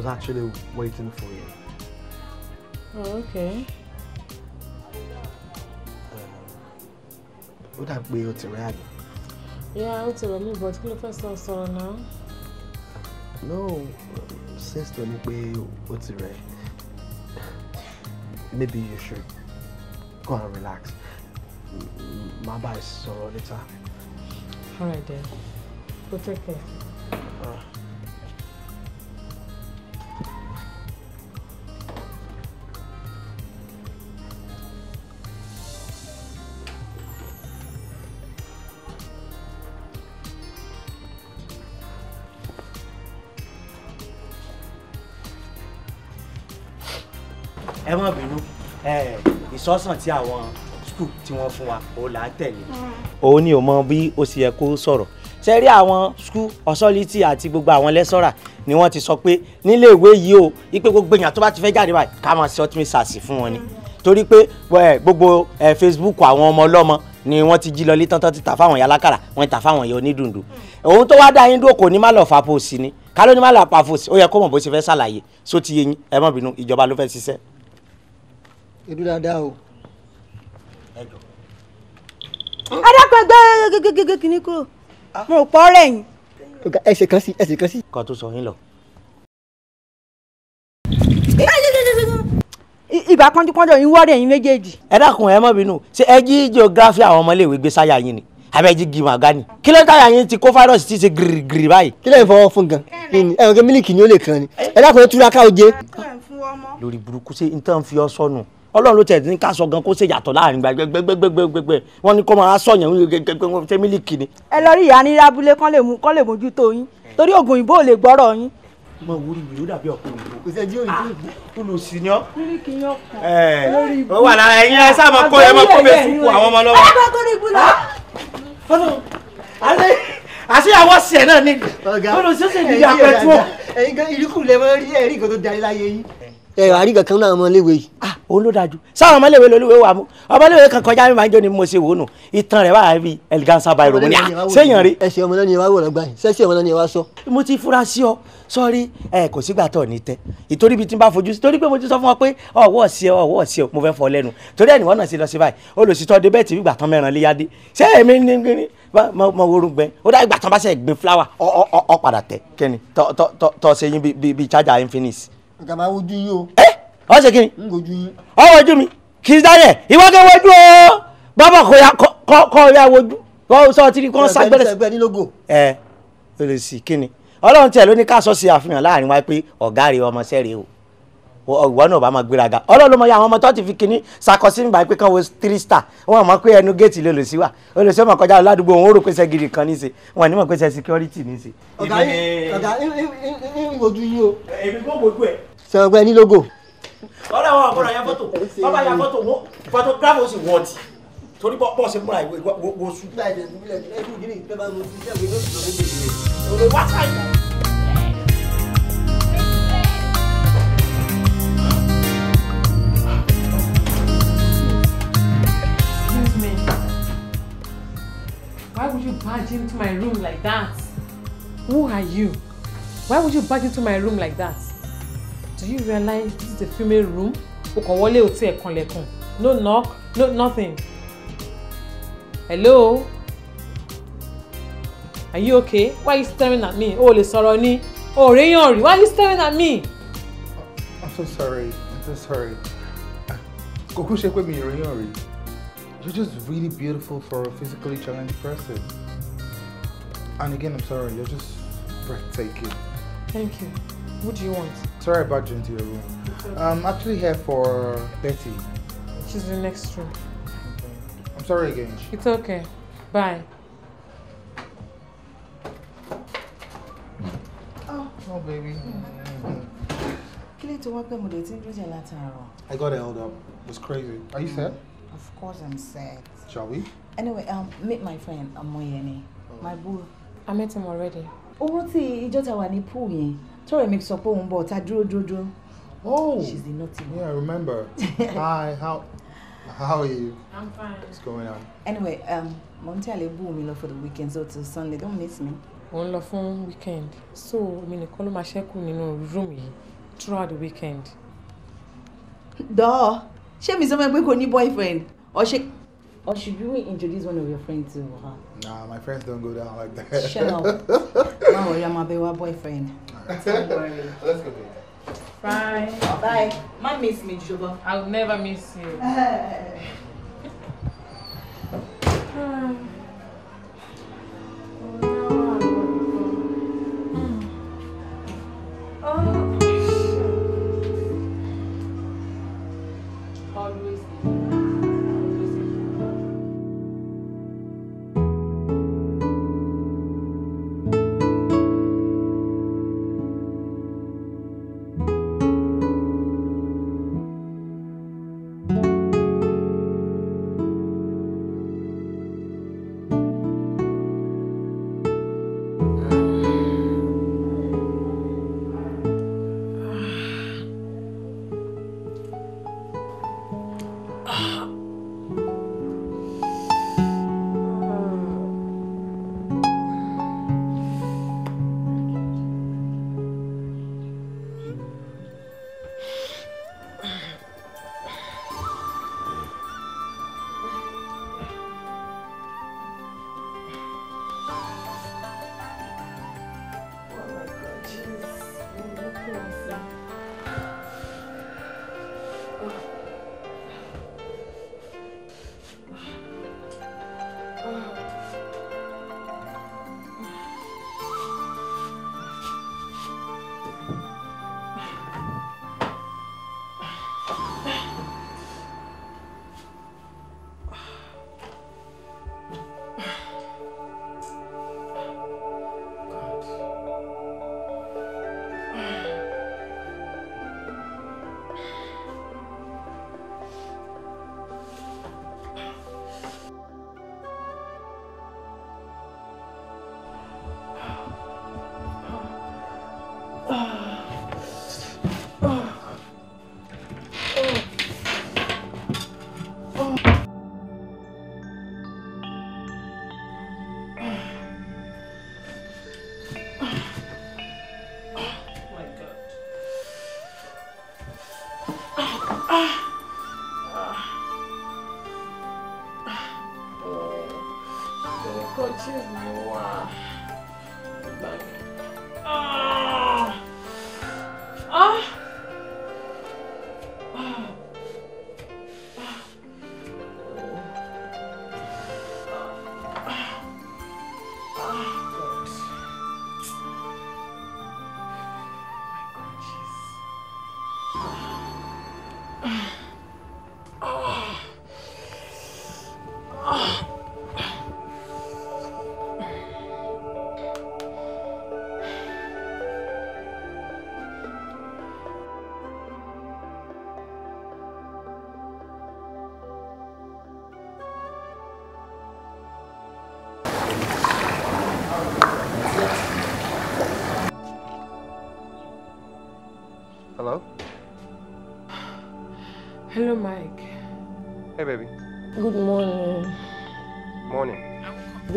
actually waiting for you. Oh, okay. Would um, dà be o ti yeah ó ti rẹ̀ mí but you ló fẹ́ sọ now. no since tó ní pé ó maybe you should go and relax My bá ẹ sọ̀rọ̀ later. all right then go take care. Uh, ìsọ́sàn tí àwọn skul tí wọ́n fún wa òun là ń tẹ̀lé. Mm. òun ni ò mọ bí ó sì yẹ kó sọ̀rọ̀ ṣe rí àwọn skul ọ̀sọ́lítì àti gbogbo àwọn lẹ́sọ̀rà ni wọ́n ti sọ pé nílé ìwé yìí o ipe gbogbo èèyàn tó bá ti fẹ́ jáde báyìí ká máa ṣe ọtí mi sàṣì fún wọn ni mm. torí pé gbogbo Facebook àwọn ọmọ ọlọ́mọ ni wọ́n ti jí lọ létan tán ti tà fáwọn yàlákàrà wọ́n tà fáwọn yẹn onídùndùn òun mm. tó wá dá yín dúró kò ní má lọ fà pòsì ni ká ló ní má lọ fà pòsì ó yẹ kó mọ̀ bó ṣe fẹ́ ṣàlàyé só ti yé yín ẹ má bínú ìjọba ló fẹ́ ṣiṣẹ́ edu dáadáa o. adákan gbé gégégégé kìíní kúrò mo rò pọ́ rẹ̀ yín. ẹsẹ̀ kan sí ẹsẹ̀ kan sí. kan tó sọ yín lọ. ìbá kọ́njúkọ́njọ yín wọ́ọ̀dẹ̀ yín méjèèjì. ẹ dákun ẹ má bínú ṣé ẹ jí geography àwọn ọmọléèwé gbé sáyà yín ni abẹ́jí gímọ̀ àgání kí ló ń táyà yín ti kó fáírọ́ọ̀sì tí ṣe gírígírí báyìí. kí lẹ́yìn fọwọ́ fún gan ẹ̀rọ mílíkì ni ó lè kàn ni ẹ dákun ẹ túra ká oje. lórí burúkú ṣe n tán fi ọ sọnù ọlọ́run ló tẹ̀ ní ká sọ gan kó ṣe yàtọ̀ láàrin gba gbẹgbẹgbẹgbẹgbẹ wọn ni kó máa sọ̀yàn gbẹgbẹgbẹ wọn ṣe mílíkì ni. ẹ lọ rí ìyá ní abúlé kán lè mú kán lè mójú tó yín torí oògùn òyìnbó ò lè gbọ́rọ̀ yín. mo wúri mi ló dàbí ọ̀pọ̀ òyìnbó kò sẹ́ni òyìnbó kò lò sí yan. mílíkì yan kan lórí ibú. ó wà lára ẹyin ẹ sáà máa kó ẹ máa kó fẹ́ sùkú àwọn ọmọ lọ́wọ́. ẹ àṣeyàwó ṣẹ náà ni ọlọ ṣẹṣẹ ní ìyá pẹtrọ. ẹyin kan ìrìkù lẹ máa ń rí ẹrí nǹkan tó darí láyé yìí. ẹ àrí kankan náà mọ léwe yìí. Ah, òun ló dájú sáwọn ọmọléwé lolúwe wà mú ọmọléwé kan kọjá mi máa ń jó ni mo ṣe wò nù ìtàn rẹ̀ wà bí eleganza by romani ah, sẹ́yìn rí. ẹsẹ̀ ọmọ náà ni wàá wòran gbàyìn sẹ́sẹ̀ ọmọ náà ni wàá sọ. mo ti fura sí ọ sọrí ẹ kò sígbà tó ní tẹ ìtorí bíi tí n bá fojú sí torí pé mo ti sọ fún ọ pé ọwọ́ sí ọ ọwọ́ sí ọ mo fẹ́ fọ lẹ́nu torí ẹnìwọ́n náà ṣe lọ sí báyìí ọ ṣe kí ni ọ wojú mi kì í dáyẹ ìwọ kẹ wojú o bàbá kọ ya kọ ya wojú kọ sọ ti rí kọ ságbẹrẹ sí. ẹ ẹ lè sì kí ni ọlọ́run tiẹ̀ ló ní ká sọ sí àfihàn láàrin wa pé ọ̀gá rẹ ọmọ sẹ́rẹ̀ o ìwọ náà bá máa gbéraga ọlọ́run ló mọ ya àwọn ọmọ tó ti fi kinní ṣàkọsí nígbà pé kán wo three star wọn mọ pé ẹnu géètì lè lò sí wa olùsọ mọ kọjá ládùúgbò òun ó rò pé ṣe gidi kan ní ṣe wọn ní mọ pé ṣe security ní ṣe. ọ̀gá ọ̀gá ń wojú yín o. èmi kò wojú ẹ̀. sọ̀rọ̀ pé lógo ọ̀rẹ́ wọn àgbọ̀dọ̀ ya fọ́tò bàbá ya fọ́tò wọn photographer ó sì wọ́n torí bọ́ pọ̀ sí múra ìwé wo Why would you barge into my room like that? Who are you? Why would you barge into my room like that? do you realize this is a female room o kò wọlé o tí ẹ̀ kan lẹ̀kùn no knock no nothing hello are you okay why are you staring at me o ò lè sọ̀rọ̀ ni o ò réyàn rí why are you staring at me. i'm so sorry i'm so sorry kò kú ṣe pé mi ò réyàn rí you're just really beautiful for a physically challenged person and again i'm sorry you're just breathtaking. thank you what do you want. sorry about going to your room. I'm actually here for Betty. She's in the next room. I'm sorry again. It's okay. Bye. Oh, oh baby. to I got held up. It was crazy. Are you mm. sad? Of course I'm sad. Shall we? Anyway, um, meet my friend Amoyeni. Oh. My boo. I met him already. Ó rántí ìjọ wà ní pool tọ́rẹ̀ mi sọ pé òun bọ̀ ta dúró dúró dúró. oh she's the naughty yeah i remember hi how how are you. i'm fine. what's going on. anyway um, mo ń tẹ̀lé bú mi lọ for the weekend so till sunday don't miss me. mo ń lọ fún weekend so èmi nìkan ló máa ṣẹ́kù nínú room yìí throughout the weekend. dọ́ọ̀ ṣé mi sọ ma pé kò ní boyfriend or ṣe. Or should we introduce one of your friends to her? Nah, my friends don't go down like that. Shut up. Don't worry, I'm a boyfriend. Let's go, baby. Bye. Bye. Man, miss me, Juba. I'll never miss you.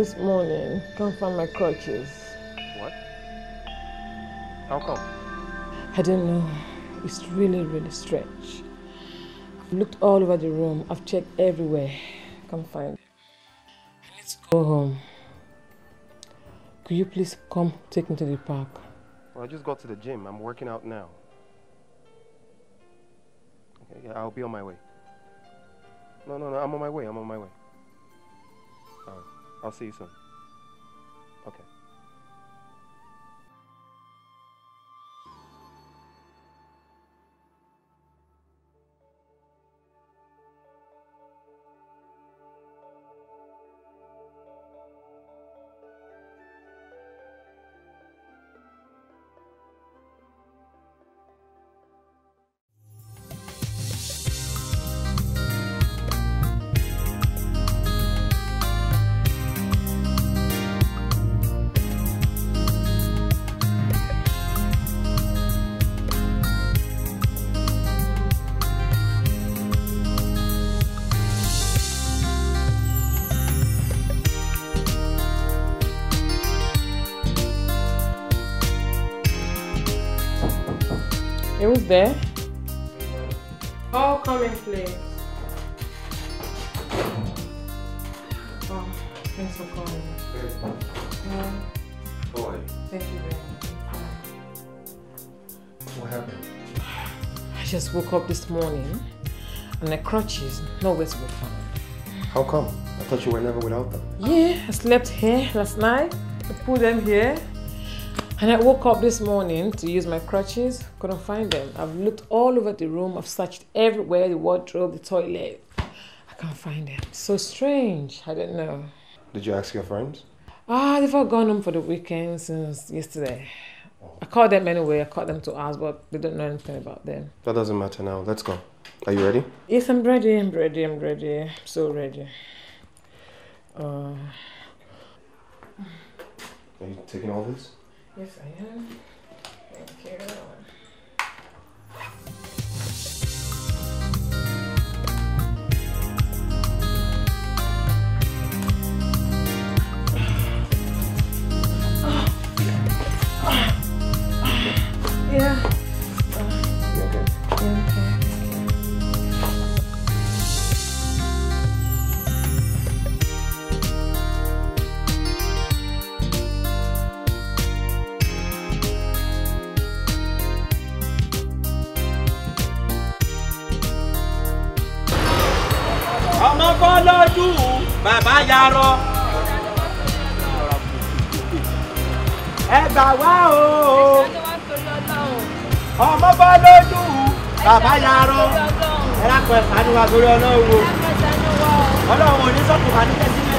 this morning can't find my crutches. What? How come? I don't know. It's really, really strange. I've looked all over the room. I've checked everywhere. can't find it. I need to go home. Could you please come take me to the park? Well, I just got to the gym. I'm working out now. Okay, yeah, I'll be on my way. No, no, no, I'm on my way. I'm on my way. I'll see you soon. there? All coming, please. Oh, thanks for calling. Boy. Thank you very much. What happened? I just woke up this morning and my crutches nowhere to be found. How come? I thought you were never without them. Yeah, I slept here last night. I put them here. And I woke up this morning to use my crutches, couldn't find them. I've looked all over the room, I've searched everywhere the wardrobe, the toilet. I can't find them. So strange. I don't know. Did you ask your friends? Ah, they've all gone home for the weekend since yesterday. I called them anyway. I called them to ask, but they don't know anything about them. That doesn't matter now. Let's go. Are you ready? Yes, I'm ready. I'm ready. I'm ready. I'm so ready. Uh... Are you taking all this? Yes, I am. And carry on. Yeah. bọ́ lójú bàbá yarọ. ẹ gbà wá o ọmọ bọ́ lójú bàbá yarọ ẹ lákọ ẹ sànú wa gorí ọlọ́run o ọlọ́run ò ní sọ́kù wà nígbà tí mo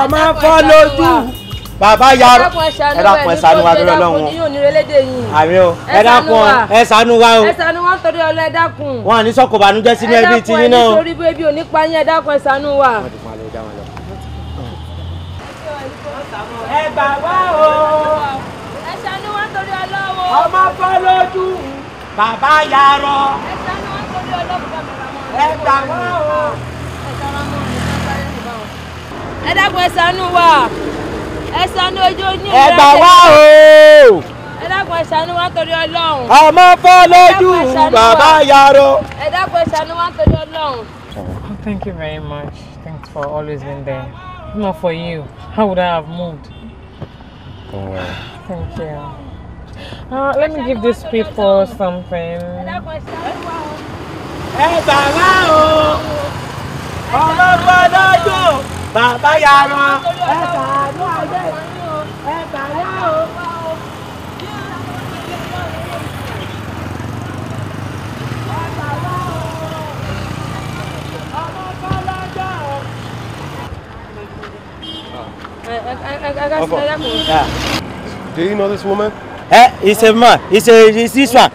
ọmọ bọ́ lójú. Baba ya ẹ dákun ẹ ṣàánú wa lórí Ọlọ́run àmì o ẹ dákun ẹ ṣàánú wa o ẹ ṣàánú wa nítorí ọlọ ẹ dákun wọn àní sọkò bànújẹ́ sínú ẹbí tiyín náà o ẹ dákun ẹ nítorí bébí onípa yín ẹ dákun ẹ ṣàánú wa. ẹ gbà wá o ẹ ṣàánú wa nítorí Ọlọ́run ọmọ fọ́ lójú bàbá ya rọ ẹ ṣàánú wa nítorí Ọlọ́run ẹ gbà o ẹ dákun ẹ ṣàánú ẹ ṣàánú ojú ní ìlú ẹgbà wá o. ẹ dákun ẹ torí Ọlọ́run. àmọ́ fọ́ lójú bàbá yarọ. ẹ dákun ẹ torí Ọlọ́run. Oh, thank you very much. Thanks for always being there. If not for you, how would I have moved? Thank you. Uh, let me give these people something. ẹ gbà o ọmọ fọlọ́jọ́ bàbá yàrá ẹ tàánú ayé ẹ tàánú o. Do you know this woman? Eh, it's a man. It's a it's this one.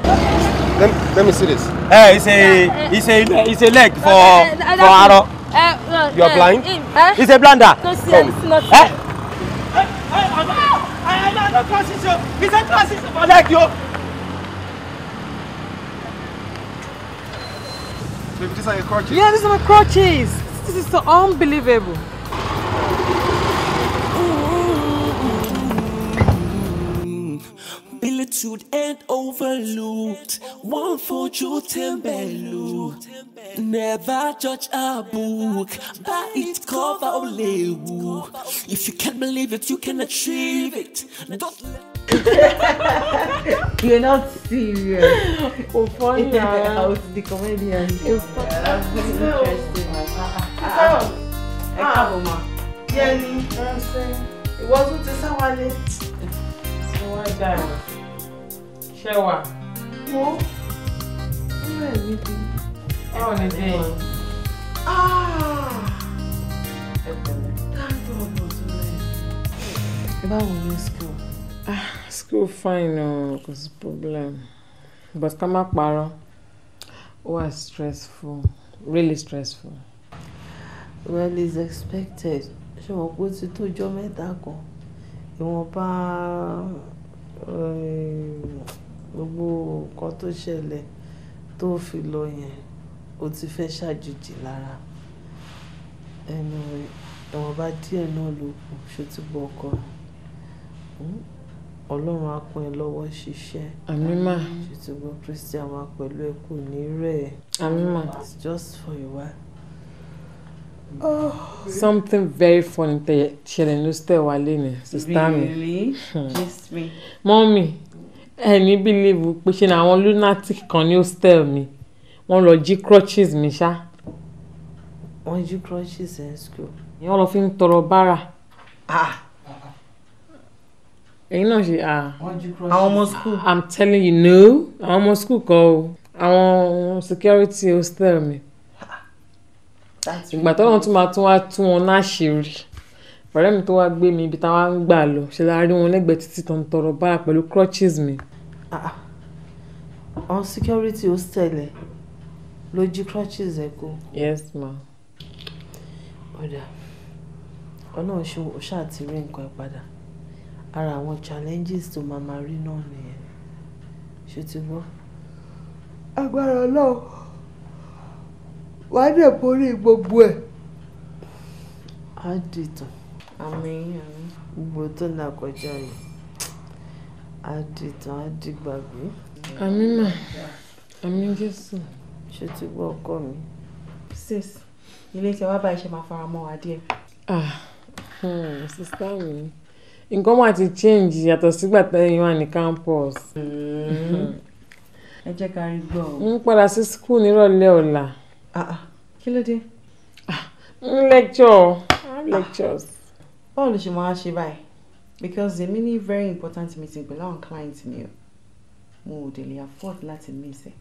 Let, let me see this. Eh, it's a it's a it's a leg for for arrow. Uh, eh, You're uh, eh, blind? Eh, he's uh, it's a blunder. No, Come. it's not. Eh? Hey, hey, I'm not, I am not a transition. It's a transition for like you. Baby, these are your crutches. Yeah, these are my crutches. This is so unbelievable. similitude and overlooked. One for Joe Tembelu. Never judge a book by its cover only. If you can't believe it, you can achieve it. Don't You're not serious. Ufona out the comedian. That's oh, oh, interesting. Ah, ah, ah, Yẹni, it wasn't a Sawale. Sawale. ṣẹwà. mo ń rẹ̀ bí. báwo ni dé yìí. Ah! thank God for tonight. báwo ni school. ah school fine o kò sí problem but ká má parọ́ ó wà stressful really stressful. well it's expected ṣé wọn kó ti tó jọ mẹ́ta kan ìwọ̀nba um, gbogbo nǹkan tó ṣẹlẹ̀ tó fi lọ yẹn ó ti fẹ́ ṣàjòjì lára ẹnu ìwọ̀nba díẹ̀ náà ló kù ṣòtú bọ ọkọ hmm? ọlọ́run á pín in lọ́wọ́ ṣiṣẹ́ àmín mà ṣètò gbọ́ christian wa pẹ̀lú ẹ kò ní rẹ̀ it's just for you while. Oh. something very funny tẹ ṣẹlẹ̀ ló tẹ̀ wá lẹ́nu sista mi. really hmm. me. mọ́mì ẹ̀ẹ́nì bílíìvù pé ṣe ni àwọn lunatic kan ní hostel mi wọ́n lọ jí crutches mi ṣá. wọ́n jí crutches ẹ̀ school. ìyẹn wọ́n lọ fi ń tọrọ bárà. èyí ah. náà ṣe ah. àwọn ọmọ school. Ah, i'm telling you no àwọn ọmọ school kan o àwọn security hostel mi ìgbà tó wọn tún máa tún wá tún wọn láṣìírí ọ̀rẹ́ mi tó wá gbé mi ibi táwa ń gbà lọ ṣe la rí wọn lẹ́gbẹ̀ẹ́ títí tó ń tọrọ bára pẹ̀lú crutches mi. Ah, on ah. security hostel ẹ̀ ló jí crutches ẹ̀ kó. yes ma. ọ̀dà ọlọ́run ṣe ó ṣáà ti rí nǹkan ẹ̀ ara àwọn challenges to máa máa rí náà nìyẹn ṣe ti gbọ́. agbára ọlọ́run wàá dẹ̀ borí gbogbo ẹ̀. á dìtàn àmì gbogbo tó là kọjá yìí àdìtàn àdìgbàgbé. àmín mà àmín jésù. ṣé ti gbọ́ ọkọ mi. sis ilé tí a wá bá iṣẹ́ máa fara mọ́ wa díẹ̀. ah hmm, sista mi nǹkan máa ti change yàtọ̀ sígbà tẹ́yìn wà ní campus. Hmm. ẹ jẹ́ ká rí gbọ́. n padà sí school nírọ̀lẹ́ ọ̀la. Ah, ah, kí ló dé. n ah, lecture lectures. báwo ló ṣe máa ṣe báyìí because èmi ní very important meeting pẹ̀lú àwọn client mi o mo ò dé lè afford láti miss ẹ.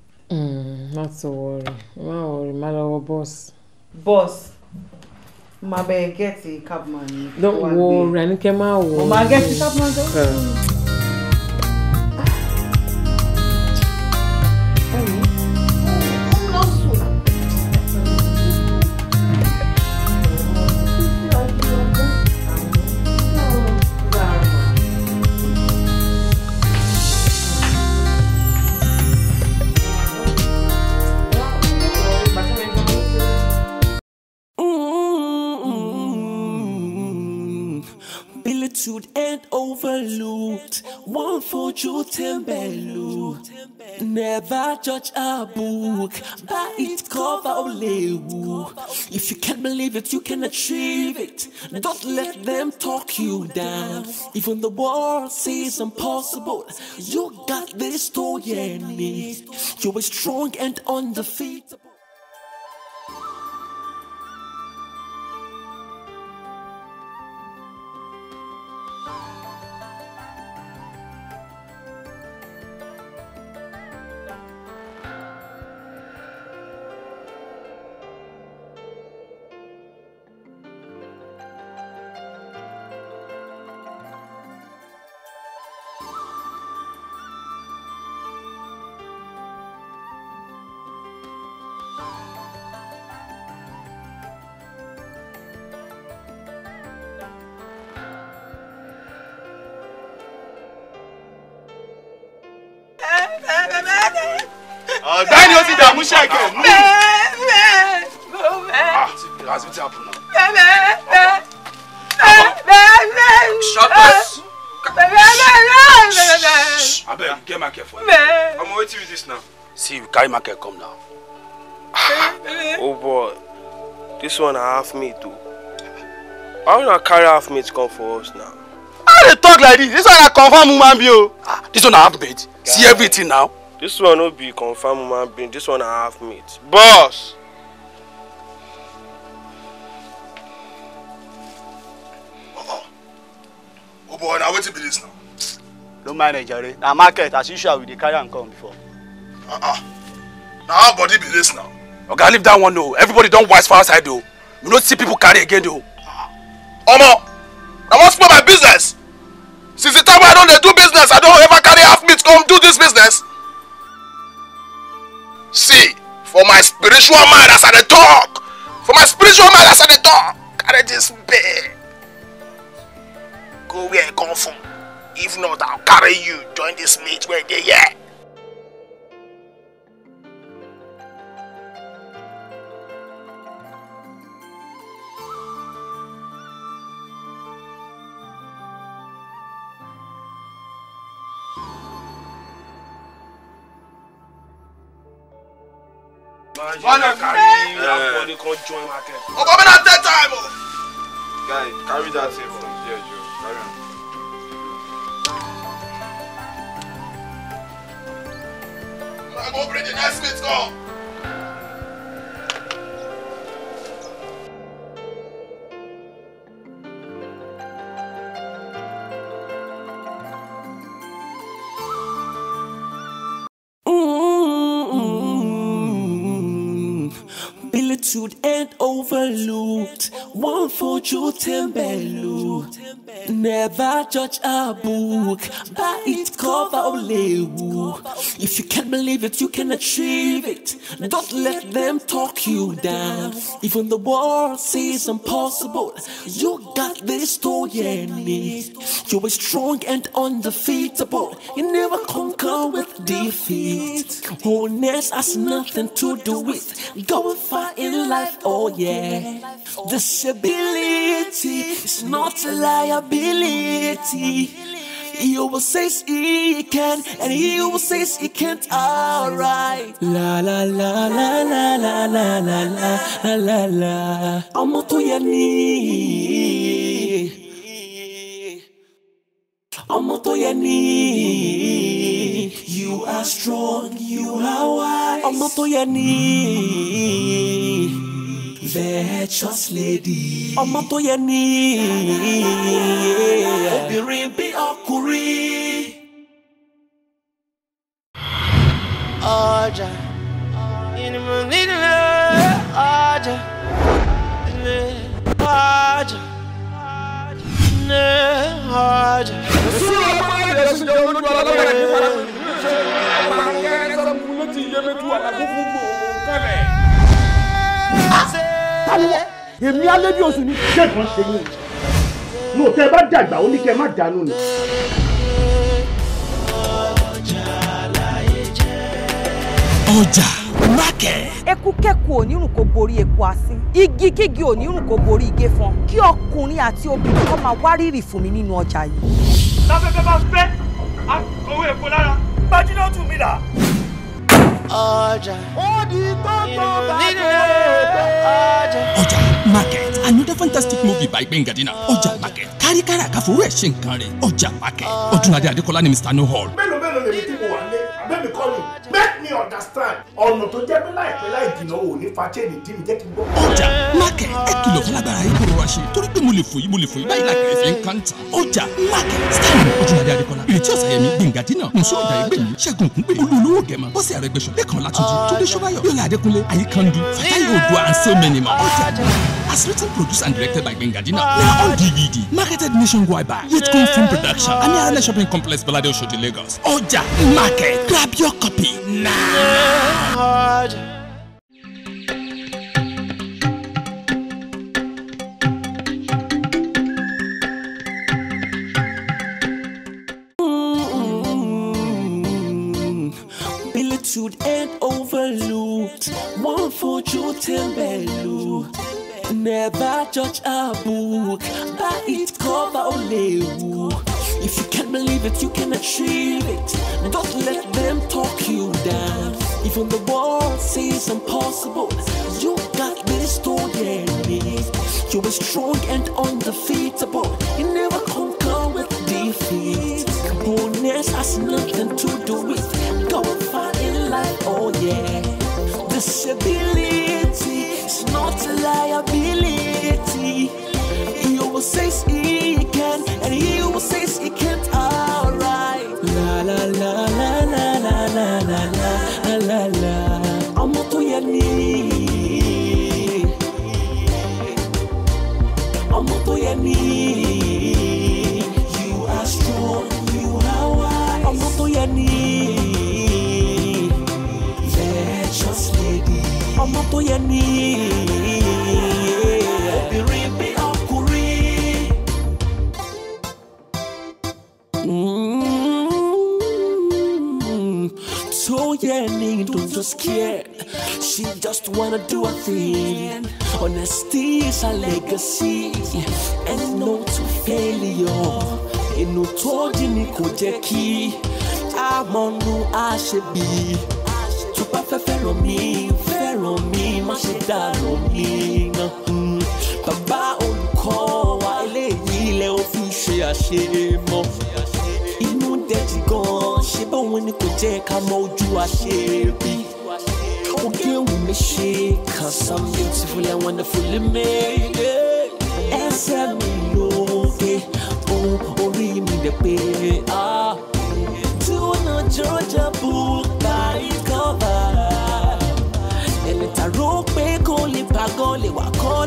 má mm, ti wọrí má wọrí má lọ́wọ́ boss. boss màá bẹ gẹ́ẹ̀tì cabman. wo ranike máa wọ. mo máa gẹ́ẹ̀tì cabman tó. Wọ́n for tẹ́ńbẹ̀lú. Never judge a book by its cover only. If you can't believe it, you can achieve it. Don't let them talk you down. Even the world seems impossible. You got this to your knees. You are strong and undefeatable. carry market come now. oh boy this one na half meat too. why una carry half meat come for us now. How they talk like this? This one I confirm woman being o oh. ah one I have meat see everything now. This one no be confam woman being This one I have meat boss. Uh-uh. oh boy now wait to be this now. Don't mind it, Jerry. Now market as usual we carry and come before. Uh -uh. Now how body be this now. oga leave that one though. everybody don't wise for outside though. we no see people carry again though. omo na wan spoil my business since the time i don't do business i don't ever carry half meat come do this business. see for my spiritual mind as i dey talk for my spiritual mind as i dey talk carry this bear go where e come from if not I'll carry you join this meat where they here. Father, carry that body come join my Oh, but that time. oh. Guy, carry that thing from here, Joe. Carry on. I'm gonna bring the next bit, go. a get overlooked. One for Joe Tembelu. Never judge a book by its cover only. If you can't believe it, you can achieve it. Don't let them talk you down. Even the world seems impossible. You got this to need. You are strong and undefeatable. You never conquer with defeat. Wholeness has nothing to do with going far in life oh yeah. Disability is not a liability. He always says he can, and he always says he can't. Alright. La la la la la la la la la la la. Ọmọ tó yẹ ní. Ọmọ tó yẹ ní. You are strong, you are wise. Ọmọ tó yẹ ní. virtuous lady. ọmọ tó yẹ ní. obìnrin bí ọkùnrin. ọjà ni mo nílò ọjà ní ọjà ní ọjà. sùn ọmọ ilẹ̀ ṣùgbọ́n olójú ọlọ́dọ̀ rẹ̀ kí wọ́n á ọmọ ẹ̀ka ẹ̀ka ẹ̀ka ẹ̀ka ẹ̀ka ẹ̀ka ẹ̀ka ẹ̀ka ẹ̀ka ẹ̀ka ẹ̀ka ẹ̀ka ẹ̀ka ẹ̀ka ẹ̀ka ẹ̀ka ẹ̀ka ẹ̀ka ẹ̀ka táwọ́ èmi alẹ́ bí oṣù ni. ṣé kàn ṣe yín ní òtẹ́ bá dàgbà ó ní kẹ́ má dànù ni. ọjà mákẹ́. ekúkẹ́kù onírùn kò borí eku asín igikígi onírùn kò borí igé fọn kí ọkùnrin àti obìnrin kọ́ máa wárìrì fún mi nínú ọjà yìí. láfẹ́fẹ́ bá fẹ́ àkọwé epo lára bájú tún mi là ọjà ọjà market another fantastic movie by Gbenga Dina ọjà market kárí kára àkàfọwọ́ ẹ̀ ṣe nǹkan rẹ̀ ọjà market Ọdúnladé Adékọlá ni Mr. no hall. mélòó mélòó lè mi understand ọ̀nà tó jẹ́ pé láìpẹ́ láì jìnnà ò ní fa chain dì mí jẹ́ kí n gbọ́. ọjà mákẹ́ ẹ kìlọ̀ falagbara yìí kúrò wáṣẹ torí pé mo lè fòyí mo lè fòyí báyìí láti ẹ̀fẹ̀ ń kàn tà. ọjà mákẹ́ sítẹ́ẹ̀mù ojúmọ̀dé adékọ́lá ìrètí ọ̀sàyẹmí gbẹ̀ngà dínà mùsùn ọ̀dà ẹgbẹ́ mi ṣẹ́gun kúngbẹ́ olúolówó gẹ̀mà bọ́sẹ̀ àrẹgbẹ́sọ lẹ́kàn látúntì túndé as written produced and directed by Benga Dina now on DVD marketed nationwide by Yitcom Film Production and Yarale Shopping Complex Balade Oshodi Lagos ọjà market grab your copy now. yeah, hard. Militude and overlooked. One for Joe Tembelu. Never judge a book by its cover only. If you can't believe it, you can achieve it. Don't let them talk you down. Even the world seems impossible. You got this to your You are strong and undefeatable. You never conquer with defeat. Bonus has nothing to do with going far in life. Oh yeah. Disability is not a liability. You will say it can yẹni. obìnrin bí don't just care. She just wanna do a thing. Honesty is a legacy, and no to failure. Inú tó jí Tó bá fẹ́ má ṣe dànù mí iná bàbá olùkọ́ wa eléyìí ilẹ̀ ó fi ṣe àṣemọ́ inú dẹ̀jì gan-an ṣe báwọn ni kò jẹ́ ká mọ ojú àṣebí. Ògé wù mí ṣe cause I'm beautiful and wonderfully made. Ẹsẹ̀ mi lókè, ohun orí oh, mi dẹ̀ pé. Ah.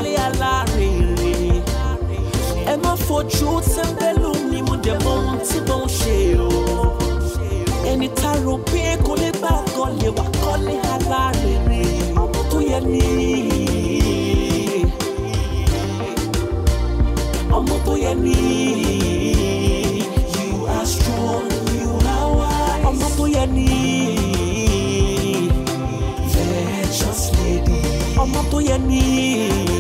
wọlé alárinrin ẹ má fojú tẹ́ńbẹ́lú mi mo dẹ̀ mọ ohun tí mo ń ṣe o ẹni tá a pé kò lè bá kan lè wá kọ́lé alárinrin ọmọ tó ọmọ tó yẹ ní. you are strong you are wise. ọmọ tó yẹ ní. virtuous lady.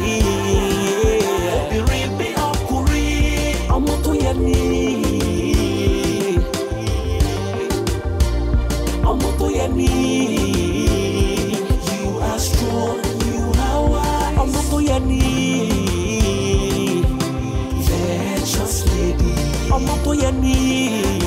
ni. Virtuous lady. Ọmọ tó yẹ ni.